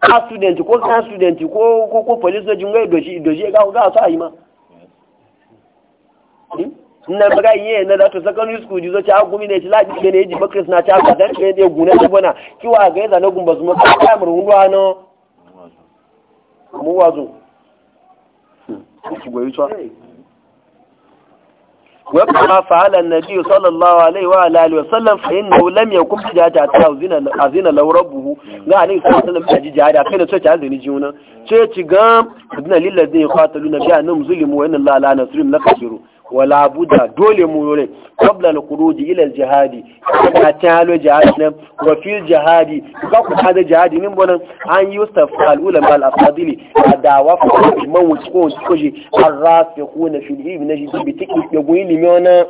A: ka student ko kan student ko ko ko police da jingai doji doji ga ga sa ma hmm? na baga yi na da to secondary school ji zo ta gumi ne ti laji ne ji bakris na ta ga dan gune bona kiwa ga yaza na gumba zuma ka mu ruwa no mu wazo hmm. ku وما فعل النبي صلى الله عليه وعلى اله وسلم فانه لم يكن بجاهد حتى اذن اذن له ربه لا عليه الصلاه والسلام بجاهد جهاد كان سوت اذن جونا سوت غام ابن للذين يقاتلون بانهم ظلموا وان الله لا نصر لكثيرون wala buda dole mu yore qabla al-khuruj ila al-jihad ka ta halu jihad nan wa fi jihad ka ku hada jihad nin bonan an yusuf al ula mal afadili wa fa man wusko koji ar-rasikhun fi al-ilm najid bi tikki ya goyi limona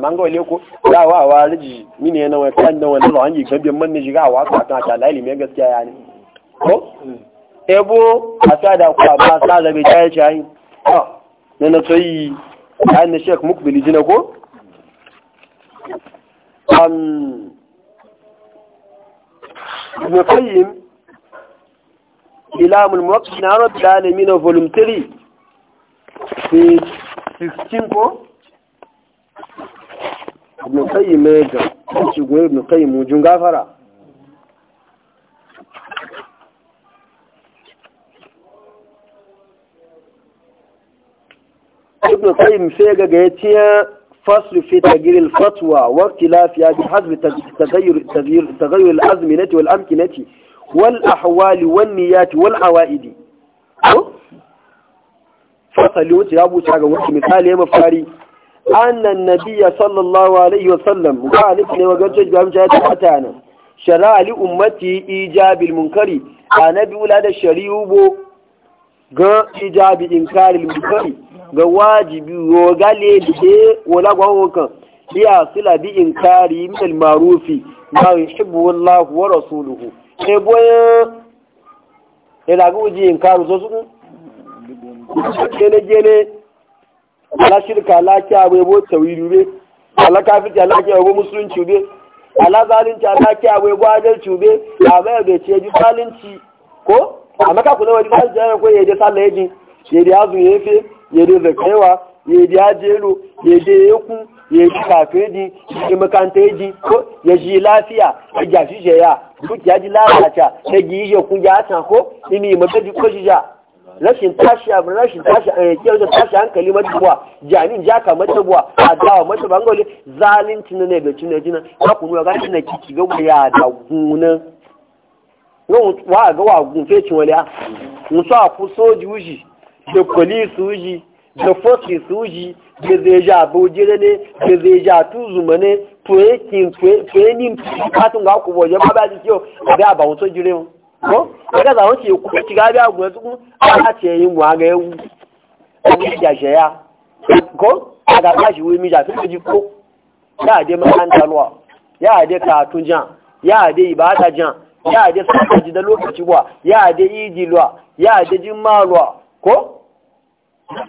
A: mango le ko da wa riji mine na wa kan da wannan an yi gabe man ne shiga wa ka ta ta laili gaskiya yani ko ebo asada ku ba sa da ta yi? shayi na na tsayi ayan na shek mukbili jina ko ibn Na ilamul muwaqqin rabbil alamin volume 3 page 16 ko ibn ya eh, ga shi go ibn mujun gafara ibn qayyim sai ga ga yace fasl fi tagir fatwa wa ikhtilaf ya bi hasb tagayyur tagayyur tagayyur al azminati wal amkinati wal ahwal wan niyat wal awaidi fasali wuce ya buce ga wuce misali ya mafari annan nabiyya sallallahu alaihi wa sallam ga aliki ne wajen cewa gamsa ya tabbata nan shari'a li ummati ijabil munkari annabi wula da shari'u bo ga ijabi inkaril munkari ga wajibi wo gale de wala gwawo kan biya sila bi in min mil marufi ma yuhibbu wallahu wa rasuluhu e boye e la in inkaru so su gele gele ala shirka ala we bo tawiru be ala kafirci ala kyawe bo musulunci be ala zalunci ala kyawe bo adalci be amma be ce ji zalunci ko amma ka kula wani zalunci ko yaje sallah yaje ya azu yafe yadda da kaiwa yadda ya jero yadda ya ku yadda kafe ji yadda makanta ya ji ko ya ji lafiya ya jashi shi ya duk ya ji lalata ya gi ya ku ya san ko ini magaji ko shi ja rashin tashi abu rashin tashi a yake wajen tashi hankali matabuwa jamin jaka matabuwa a dawa matabuwa an gole zalunci na ne ga cin jina ya kunuwa ga shi na kiki ga ya da gunan wa ga wa gunfe cin wani a musu a ku soji wuji da kwali suji da fosi suji da zai ja bojire ne da zai ja tuzuma ne tuyenin katin ga kubo ya ba ba jikiyo a ga ba wato jire mu ko daga za wace ku ci ga biya gwa tukun a ce yin wa ga yau a ga ja ya ko a ga shi wuri mi ja fi ji ko ya de an talwa ya de katun jan ya de ibada jan ya de ji da lokaci wa ya de idi luwa ya de jimma luwa ko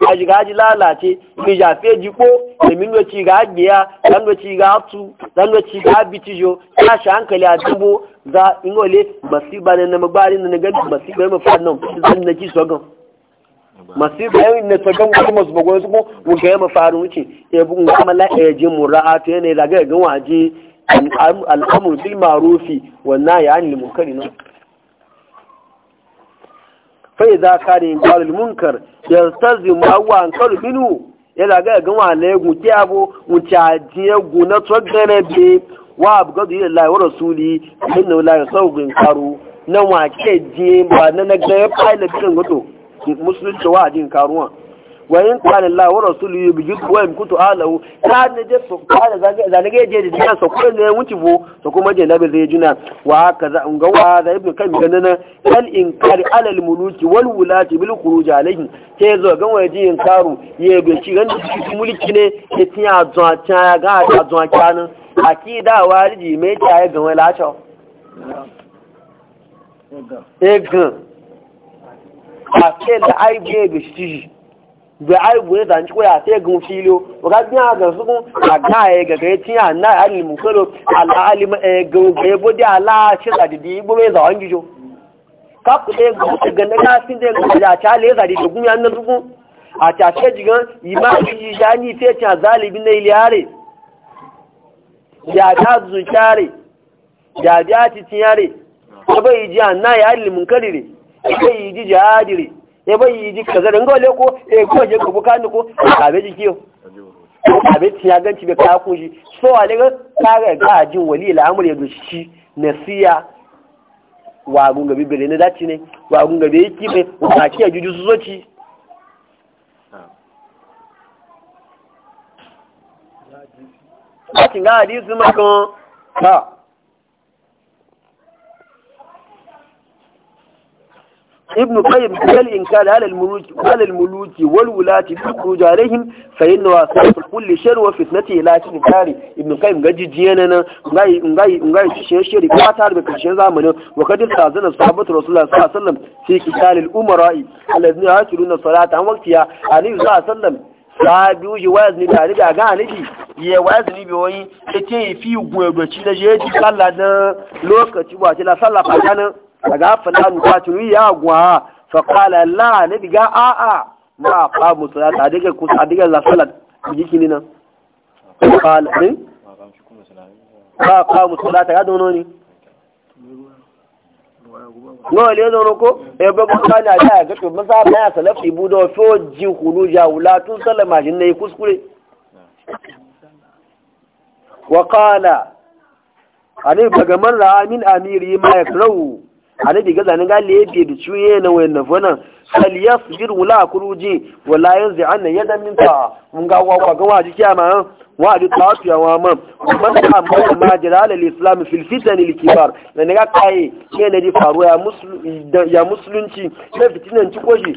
A: ajigaji lalace mi jafe ji ko da min ti ga biya dan ti ga tu dan ti ga bitijo ta sha hankali a dubo za ingole masiba ne na magbari na ga masiba ne fa nan zan na ji sogan masiba ne na sogan ko masu bago su ko mun ga ma faru wuce e bu ga mala e je mura'atu ne daga ga waje al'amru bil ma'rufi wa nahyi anil munkari nan fai za ka ne kwalil munkar ya stazi mawuwa an kalu minu ya zaga ga wa na ya guke abu wuce na guna tsogare be wa abu gado yi lai wa rasuli min na lai sauƙin karu na ke jiye ba na na ga ya fa'ila cikin gato musulunci wa ajin karuwa wa in kana Allah wa rasuluhu yubidu wa yamkutu alahu ta ne je so ka da zanage je da jina so ko ne wuce bo so kuma je nabi zai juna wa kaza in ga wa da ibnu kan ga nan kal inkari ala al muluki wal wulati bil khuruj alayhi ke zo ga wa ji inkaru ye be shi gan mulki ne ke tiya zuwa ta ga da zuwa kana akida waliji me ta ya ga wala ta egan a ce da aibe ga shi da ai goye da ci koya sai gun filo ga biya ga su gun a ga ya ga ga tiya na alimu karo ala alima e go ga bo di ala shi da igbo bo me za an gijo ka ku dai ti ga na ka sin dai ga ya ta le za di gun yan na gun a ta ce jigan imani yi jani fe ta zalibi na iliyare ya ta zuciyare ya biya ti tiyare ko ebe ji a na ya alimu karire ebe yi ji jadire ya bai yi jika zarin gole ko ya ko je ku kanu ko abe jikiyo abe tiya ganci bai kaya shi so a ne ka ga ga jin wali al'amuri ya dushi nasiya wa gun gabi bere ne dace ne wa gun gabi ne wa ki ya juju soci Ati ga hadisi makon ha ابن قيم قال إن كان على الملوك على الملوك والولاة بالخروج عليهم فإن واسطة كل شر وفتنته لا تنكاري ابن قيم قد جينا نغاي نغاي نغاي شيء شيء قاتل بكشين زمانه وقد استاذن صحابة رسول الله صلى الله عليه وسلم في قتال الأمراء الذين يأكلون الصلاة عن وقتها عليه صلى الله عليه وسلم sahabi wuce wazini da alibi a ga alibi ya wazini bi wani ya ce fi gwe gwaci na je ji sallah na lokaci ba ce na sallah fata na daga fulani ta ci ya gwa fa qala la ne diga a a ma fa musalata adiga ku adiga la salat yiki ni nan qala ne eh? ba fa musalata ga dono ni no le dono ko e ba ko kana da ga to maza ba ya salafi bu fo so ji khuruja wala tun sallama jin ne kuskure wa qala ani daga man amin min amiri ma yakrahu bi gaza ni ga lebe da cuye na wayan na fana hal a wala kuruji wala yanzi an yadan min ta mun ga kwa ga wa jiki ama wa a ta tu ya wa ma man ta amma ma jalal al islam fil fitan al kibar ne ga kai ne ne di faru ya muslim ya musulunci ne fitinan ci koji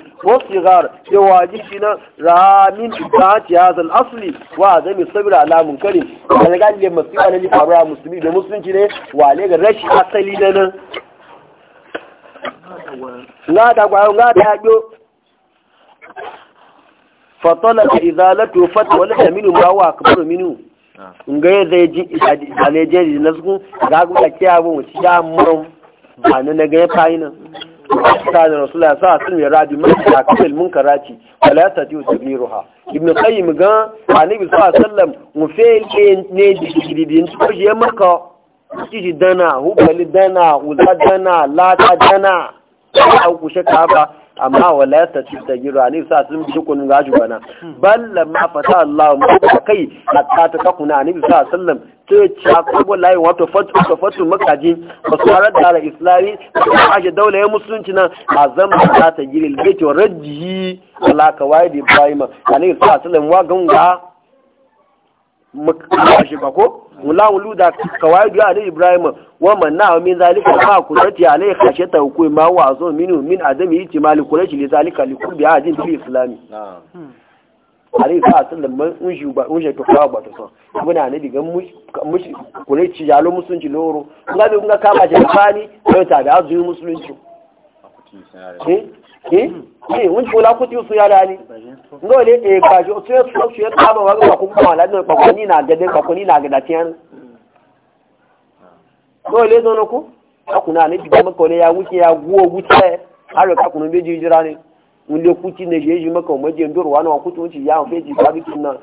A: sigar ya wajibi na ramin ibati hada al asli wa zami alamun ala munkarin ne ga le masu ala di faru ya musulunci ne wa le ga rashin asali na nan nga da gwayo nga da yaƙo fatola da izalatu fata wani da minu ma wa kamar minu nga ya zai ji alejiyar da na suku za ku da kiya bin wuce ya murin ba na na gaya fayi nan ta da rasulullah sa sun mai rabi mai a kafin mun karaci wala ya tafi wuce bi ruha ibn qayyim ga annabi sallallahu alaihi wasallam mu fe ne digidin ko je maka kiji dana hubali dana uza dana lata dana a kushe ka ba amma wala ya ta cita giro ani sa sun bi kunun gaju bana balla ma fata Allah ma kai hatta ta takuna ani sa sallam to cha ko wallahi wato fatu to fatu makaji basarar da islami ta aje daula ya musulunci nan azam ta ta giril baiti rajji ala kawaid ibrahim ani sa sallam wa ganga makashi ba ko wula da kawai biya ali ibrahim wa manna min zalika ma kurati alai khashata ku ma wa azu min min adami yiti mali kurashi li zalika li kurbi hadin bil islami alai fa sun da mun shi ba mun shi to fa ba to so muna ne diga mushi kurashi yalo musulunci loro ngabe kun ga kama shi fani sai ta da azu musulunci ní eh? eh, wọ́n ti kó lákútí ó súnyá dáa ní lóò lè ègbàjò tí ó eh, tún ṣe tábà wà gbogbo àkókò àwọn aládùn ìpapọ̀ ní ìnàgẹ̀dẹ̀ ìpapọ̀ ní ìnàgẹ̀dà tí ẹnu lóò lè dánú kú ọkùnrin àní ti gbọmọkọ ní ya wúkẹ ya wú owú tẹ kakùnrin méjì ìjọra ni ń lè kú tí ní èyí mọkọ méjì ń dòrò wà náà kú tó ń ti yá àwọn méjì sábì tún náà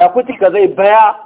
A: ka baya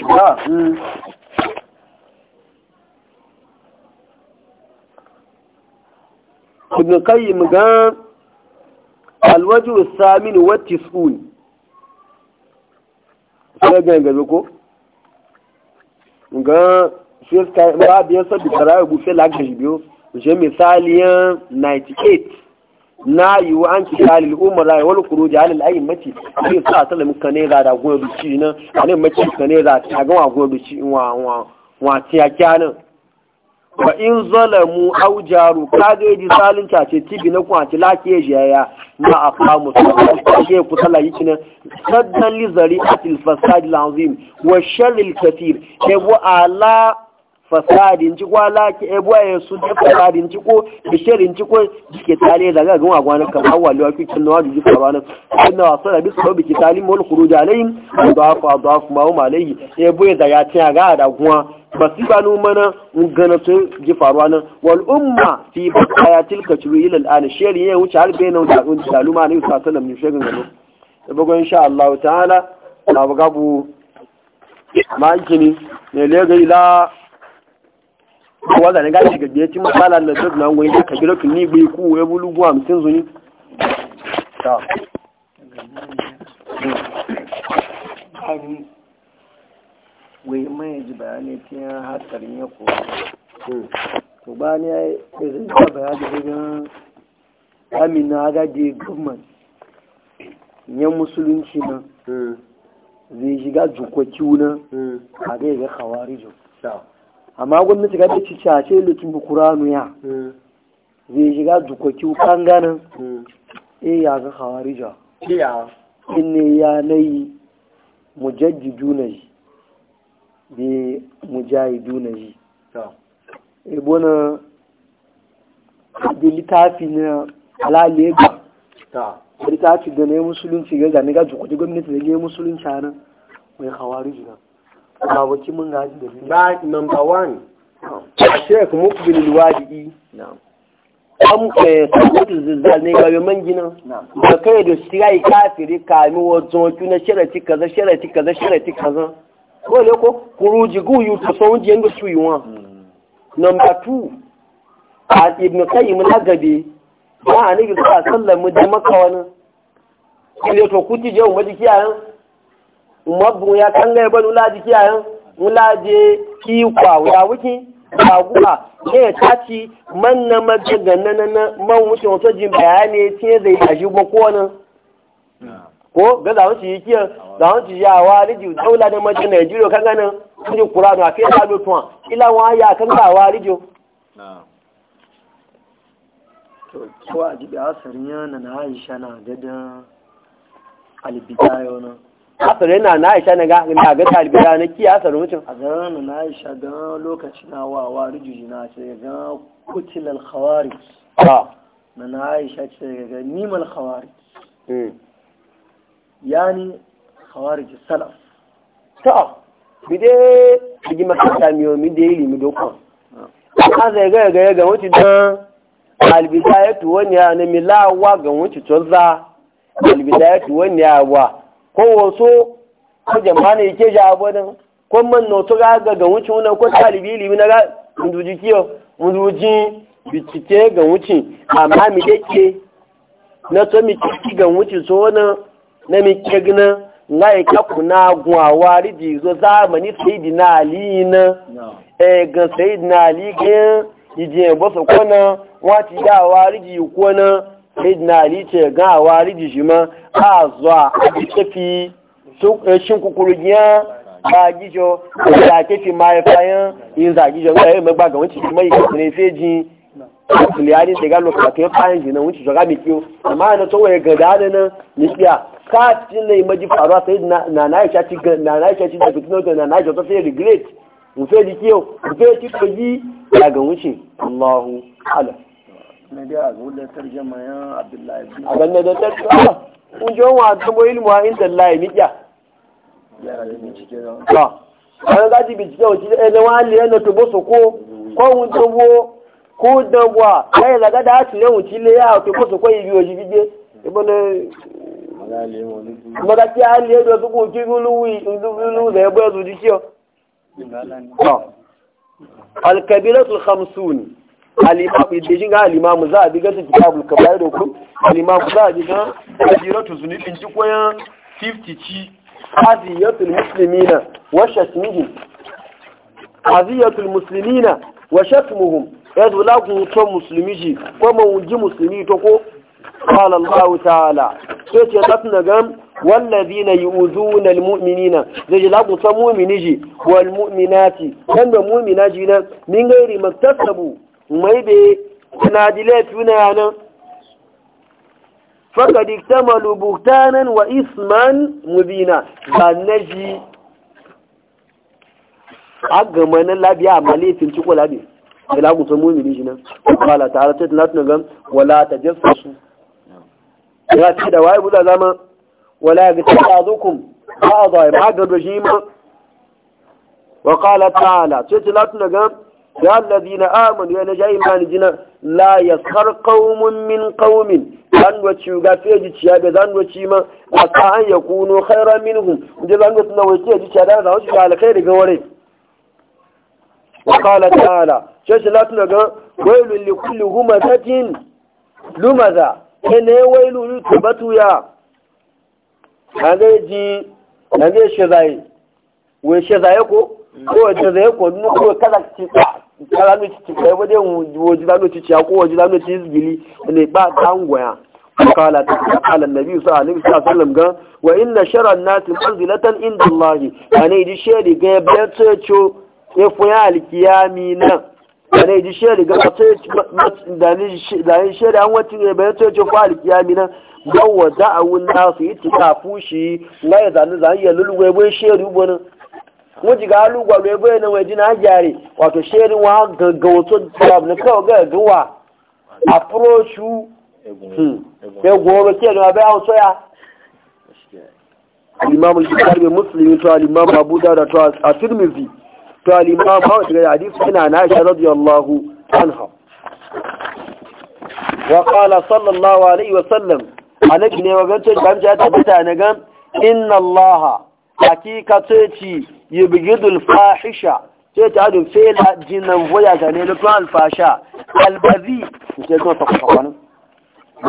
B: Mm.
A: ibn qayyim ga alwaju samin wa tis'un sai ga ga ko ga shi ka sabi tarayi bu fe la ga je misali 98 na yi wa an kira lil umara wal khuruj ala al a'immati sai sa sallam kane za da gobe ci nan anan mace kane za ta ga wa gobe ci wa wa wa tiya kyanan wa in zalamu aw jaru kaga yaji zalunta ce tibi na kuma ci lake jiyaya ma afamu ke ku sala yiki nan saddan li zari'atil fasad al azim wa sharr al kathir ke bu ala fasadin ci kwa laki ebuwa ya su da fasadin ci ko bishirin ci ko jike tare da ga gwa gwanan kan awwa lewa ki kin nawa ji faruwa nan inna wa sala bi sababi ki talim wal khuruj alayhim da fa da fa ma huma alayhi ebu ya da ya tiya ga da gwa ba nu mana mun gana to ji faruwa nan wal umma fi bakaya tilka turu ila al an sheri ya wuce har bayanan da kun taluma ne sa sallam ni shegin gano da bago insha Allah ta'ala na bugabu ma ne lega ila kowa ga gashi gaggaya cin matsala da zai na ngoyi da kabila tun ni bai ku ya bulu guwa mutum zuni ta wai mai ji bayanai fiye hatsarin ya kowa hmm. to ba ni ya yi zai ta bayani wajen amina agaji government yan musulunci na hmm. zai shiga jukwaki wunan hmm. a zai ga kawari jukwaki amma gwamnati ga ta ci cace lutin bukuranu ya hmm. zai shiga dukwaki kan ganin e ya ga hawarija inne ya nayi mujaddidu na yi bi mujahidu na yi ebo na da litafi na ta ga littafi da na yi musulunci ga ga ni ga dukwaki gwamnati da ya yi musulunci a nan mai hawarija Babu waki mun gaji da ba number one shek mukbil alwadi am kamfutu eh, zizzal ne gabe man gina da kai da sirai kafiri kami wajen tuna sharati kaza sharati kaza sharati kaza ko le ko kuruji guyu to so je ngo su yuwa hmm. number 2 a ibn qayyim al-gabi ba anabi sallallahu alaihi wasallam da maka wani ile to kuti je majiki jiki a mabu ya kan ga ibanu laji kiyayen mulaje kiwa ya wuki ba guba ne ta ci man na majaga na na na man wuce wato jin bayani ce zai tashi ba ko nan ko ga zawon ci kiyan zawon ci yawa riji daula da majin Najeriya kan ganin kuri a akai da lotuwa ila wa ya kan ga wa rijo to ko a jibi asarin yana na Aisha na da da albidaya wannan asar yana na aisha na ga talibiya na kiya asar mutum a zana na aisha don lokaci na wa wa rijiji na ce ga kutilal khawari ah. na na aisha ce ga nimal khawari hmm. ni khawari ji salaf ta bide a ji makasa miyo mi da ilimi dokon a ah. zai ga ga ga wuce don albisa ya tuwon ya na milawa ga wuti tozza albisa ya tuwon ya wa ko wasu ko jama'a yake ja abodin ko man no to ga ga wucin wannan ko talibi libi na ga munduji kiyo munduji bitike ga wucin amma mi dake na to mi ki ga wucin so wannan na mi na e ka kuna zo zamani ali na e eh, ga na ali kona wati da wari sayyidina ali ce ga wariji shi ma a zuwa a bi tafi eh, shin kukurugiya ba gijo da kafi mai fayan yin zagijo ga yayin magbaga wancin kuma yi kasance feji kuliyari da galo kafin fayan kiyo amma na to waye da nan nikiya ka ci ne maji faruwa sai na na ya ci na na ya ci da fitino da na na ya regret mu kiyo mu ci daga wuce Allahu alam na dai a zuwa tarjama ya abdullahi a ganin da tarjama kun ji tambo ilmu a inda lai wani za ji bincike cikin ɗaya eh, na tubo su ko tambo ko ya yi da yawon cile ya tubo su biyo ibo na magaki lulu da ya bayar ciyo alkabilatul hamsuni alimamu idan shi ga alimamu za a bi gasa kitabul kabair da kun alimamu za a bi ga ajiratu zunubin ji koyan
C: 50 ci
A: aziyatul muslimina wa shatmihim aziyatul muslimina wa shatmuhum yadda la ku to musulmi ji ko mawuji musulmi to ko قال الله تعالى سيتي تتنا جم والذين يؤذون المؤمنين زي لا مؤمنين والمؤمنات كان مؤمنات من غير ما اكتسبوا mai be Kuna ji laifi na yanan faka dikta malubutanen wa isman mubina ba na ji agama na labiya a malefin ciko labi da lagunsa mumini shi nan kala ta halatta na tunan wala ta jasa su ya ce da waye buza zama wala ya gata ta zukun ba a zai ma ga rajima wa kala ta halatta na tunan ya na amanu ya naja imani jina la yaskar qaumun min qaumin dan wa ci ga feji ciya da dan wa ci ma aka an yakunu khairan minhum je dan wa tunawa ci ji ciya da za su ga alkhairi ga wore wa qala ta'ala ce shi la tuna ga wailul li kulli humazatin lumaza ene wailu yutubatu ya kage ji kage shi zai we shi zai ko kowace zai ko nuna kada ci ta rano ci ci kai wajen wajen rano ci ci ko ci ne ba ta kala ta kala nabi sa alaihi sallam ga wa inna sharan nasi manzilatan inda allahi ane ji shedi ga bayan tsoyo ya fuya alkiyami nan ane ji shedi ga da ni shedi an wacin ya bayan tsoyo fuya alkiyami nan bawa da'awun nasu yi tuka fushi na ya zane zane ya bai shedi ubonin wuji ga alugwa lo ebe na waje na jare wato sherin wa gaga to tirab na ko ga gawa approach e hmm, go gobe ke na bai hausa ya imam al-bukhari muslim to al-imam abu dawud to at-tirmidhi to al-imam hawa ga hadith ina na aisha radiyallahu anha wa qala sallallahu alaihi wa sallam annabi ne wa ganta gamja ta bita na gan inna allaha hakika ce yubghidul fahisha ce ta adun fela jinan ta ne lokacin alfasha albazi ce to ta ba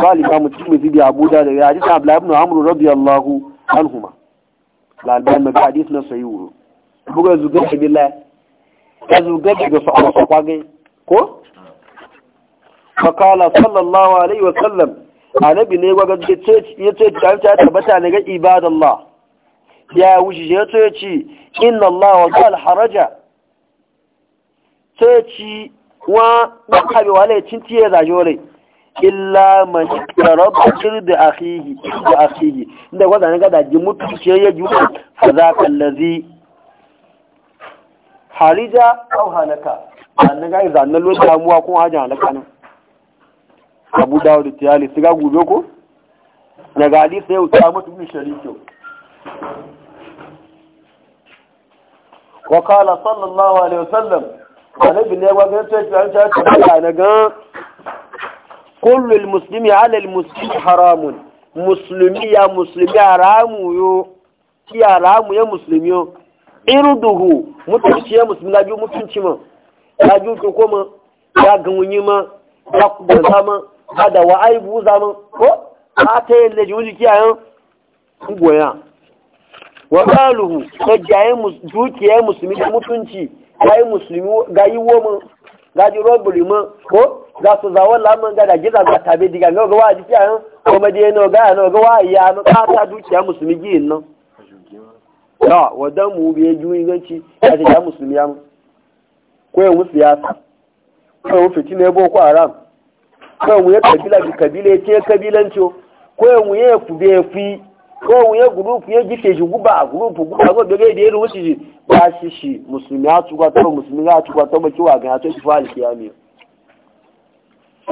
A: bali liba mutum mai bi abu da da hadis abla ibn amr radiyallahu anhuma la alban ma hadis na sayu buga zuga billahi ya zuga daga sa'a ko fakala sallallahu alaihi wa sallam nabi ne ya ce ce tabbata ga ibadallah ya wuce ya to ya ce inna Allah wa qala haraja sai ya ci wa ɗan kabe wala cin tiye da jore illa man yarabba da akhihi da akhihi inda gwada ne gada ji mutu ce ya ji fa ka lazi harija au halaka annan ga zannan lo damuwa kuma haja halaka nan abu dawo da tiyali siga gobe ko daga hadisi ya wuce mutu bi sharikyo wa kala sallallahu alaihi wasallam annabi ne wa ganin sai an ta ta na ga kullu muslimi ala musulmi haramun musulmi ya musulmi a ramu yo ki ramu ya muslimi yo irduhu mutunci ya muslimi labi mutunci ma ya ju ko kuma ya ganwunyi ma ya kubanza ma ya da wa aibu zama ko ta ta yin da jiwuji kiyayen goya wa ƙaluhu ta jaye dukiyar musulmi da mutunci ga yi musulmi ga yi woman ga ji robbery man ko ga su zawon lamun ga da giza ga tabe diga ga ga waji ki ayan ko madiye no ga no ga wa ya no ka ta dukiyar musulmi gi nan ya wadan mu biye juyi ganci ya ta musulmi ya mu ko yan siyasa ko yan fitina boko haram ko yan kabila bi kabila ce kabilanci ko yan ya fude fi ko wuye gurupu ye gite shi guba gurupu guba ko doge da irin wuce ba shi shi musulmi ya tuba to musulmi ya tuba to baki wa ga to shi fa alkiyami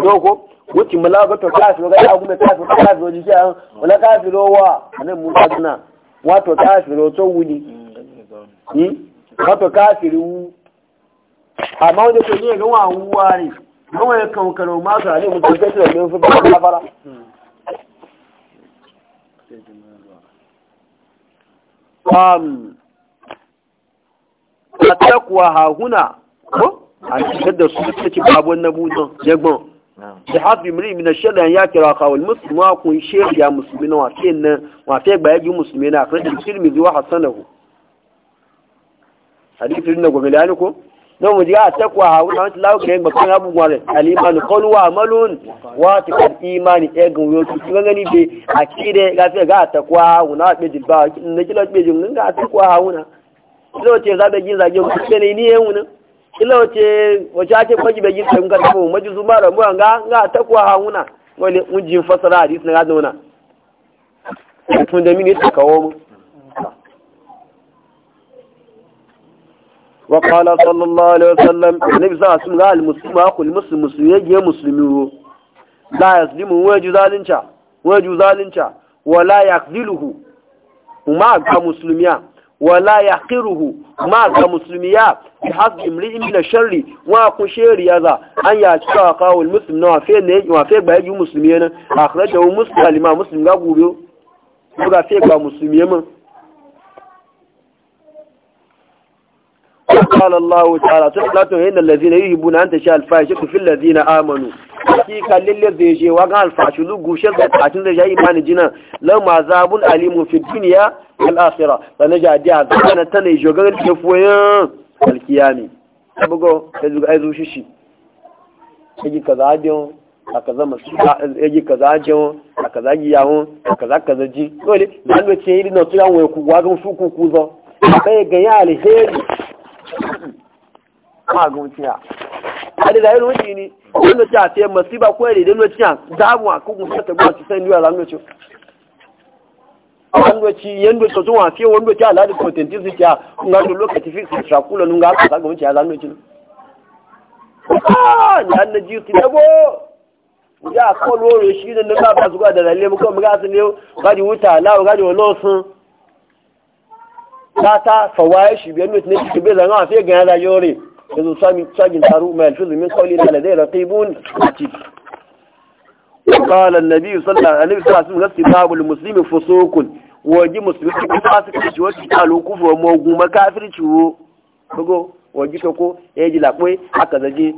A: doko wuce mulaga to kafi ga ya gume kafi kafi wani shi wala kafi wa anan mun tsana wato kafi ro to wuni hmm? wato kafi ru amma wanda to ne ga wa kuma ya kan ma ne ba fara um atakwa ha huna ko a shigar da su take babu na budon jagbon da hafi mri min shari'a ya kira kawal musulma kun shari'a musulmi na wafe nan wafe ba yaji musulmi na akwai da tirmidhi zuwa hasanahu hadithin na gobe ko don mu ji ha takwa hawa na wata lauka yin bakan abubuwa da alimanu kolwa malun wata kan imani e gan wuyo su gani bai a kire ga ga takwa hawa na ɓe jilba na kila ɓe jin ga takwa ha na za ne ake ga na ji fasara na وقال صلى الله عليه وسلم النبي صلى الله عليه وسلم قال المسلم أخو المسلم يجي مسلم لا يسلم ويجو ذالنشا ويجو ذالنشا ولا يقذله وما أبقى مسلميا ولا يحقره ما أبقى مسلميا بحسب امرئ من الشر وأكو شير هذا أن يأتي أخاه المسلم وفيه وفيه بيجو مسلمين أخرجه مسلم الإمام مسلم قابو بيو وفيه بيجو مسلمين قال الله تعالى لا تهين الذين يهبون أن تشاء الفاحشة في الذين آمنوا hakika lalle zai je wa gan alfashulu gushe da katin da jayi mani jina la ma zabun alimun fi dunya wal akhirah na naja dia kana tana jogan da foyan alkiyami bugo da zuga ai zushi shi yaji kaza adiyo aka zama su yaji kaza a aka zagi yawo aka zaka zaji dole zan ce irin na tuyan wai ku su kai ga ya alheri ma gunciya hadi da irin ni wanda ta ce masiba ko ne da lokacin damu a kun ta gwa ci sai duwa lanoci an goci yanda to zuwa fi wanda ta aladi content su ta na da lokaci fi shakula nun ga ka gunci a lanoci ah ya na ji ti dabo ya ko lore shi da nan ba su ga da lalle mu ko su ne ga di wuta lawo ga di wolosun ta ta fawaye shi biyan mutune shi bai zanga a fiye ganya da yore yanzu tsagin taru mai alfizu min kawali da na zai raƙibun a ciki ƙalar nabi sallar alif sa sun gasi babul musulmi fusokun waji musulmi ta kusa kashi wacce ta lokufu wa mogu makafir ciwo bugo waji ta ko ya ji lakwai aka zaje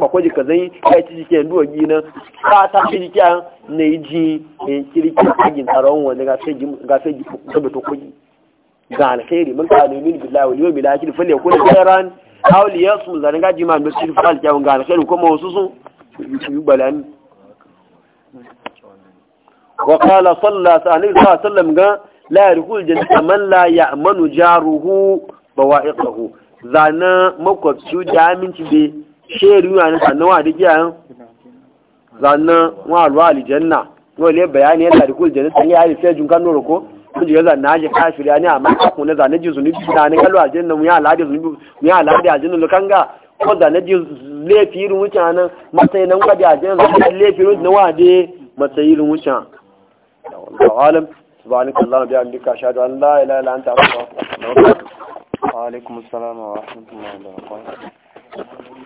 A: ba kwaji ka zai ya ci jike duwa gina ka ta fi jike na yi ji kirki tsagin taron wani gafe gaba ta kwaji ga alkhairi mun ka nemi billahi wal yawmil akhir falyakun khairan kawuli ya su zane gaji ma mai cikin fal kyawun ga alkhairu kuma wasu sun yi balani wa kala sallah sa annabi sallallahu alaihi wasallam ga la yarkul jannata man la ya'manu jaruhu bawa'iqahu zane makwabci da aminci be sheru yana sannan wa da kiyan zane wa alwali aljanna wale bayani yana yarkul jannata ya yi sai jun kan nuru ko kun ji zan naji kafiri ne amma ka kun zan naji zunubi na ne kalwa jin nan ya alade zunubi mu ya alade a jin lukan ga ko zan naji lefirin wucanan matsayin nan ga da jin lefirin na wade matsayin wucan wallahu alam سبحانك اللهم وبحمدك اشهد ان لا اله الا انت استغفرك واتوب اليك وعليكم السلام ورحمه الله وبركاته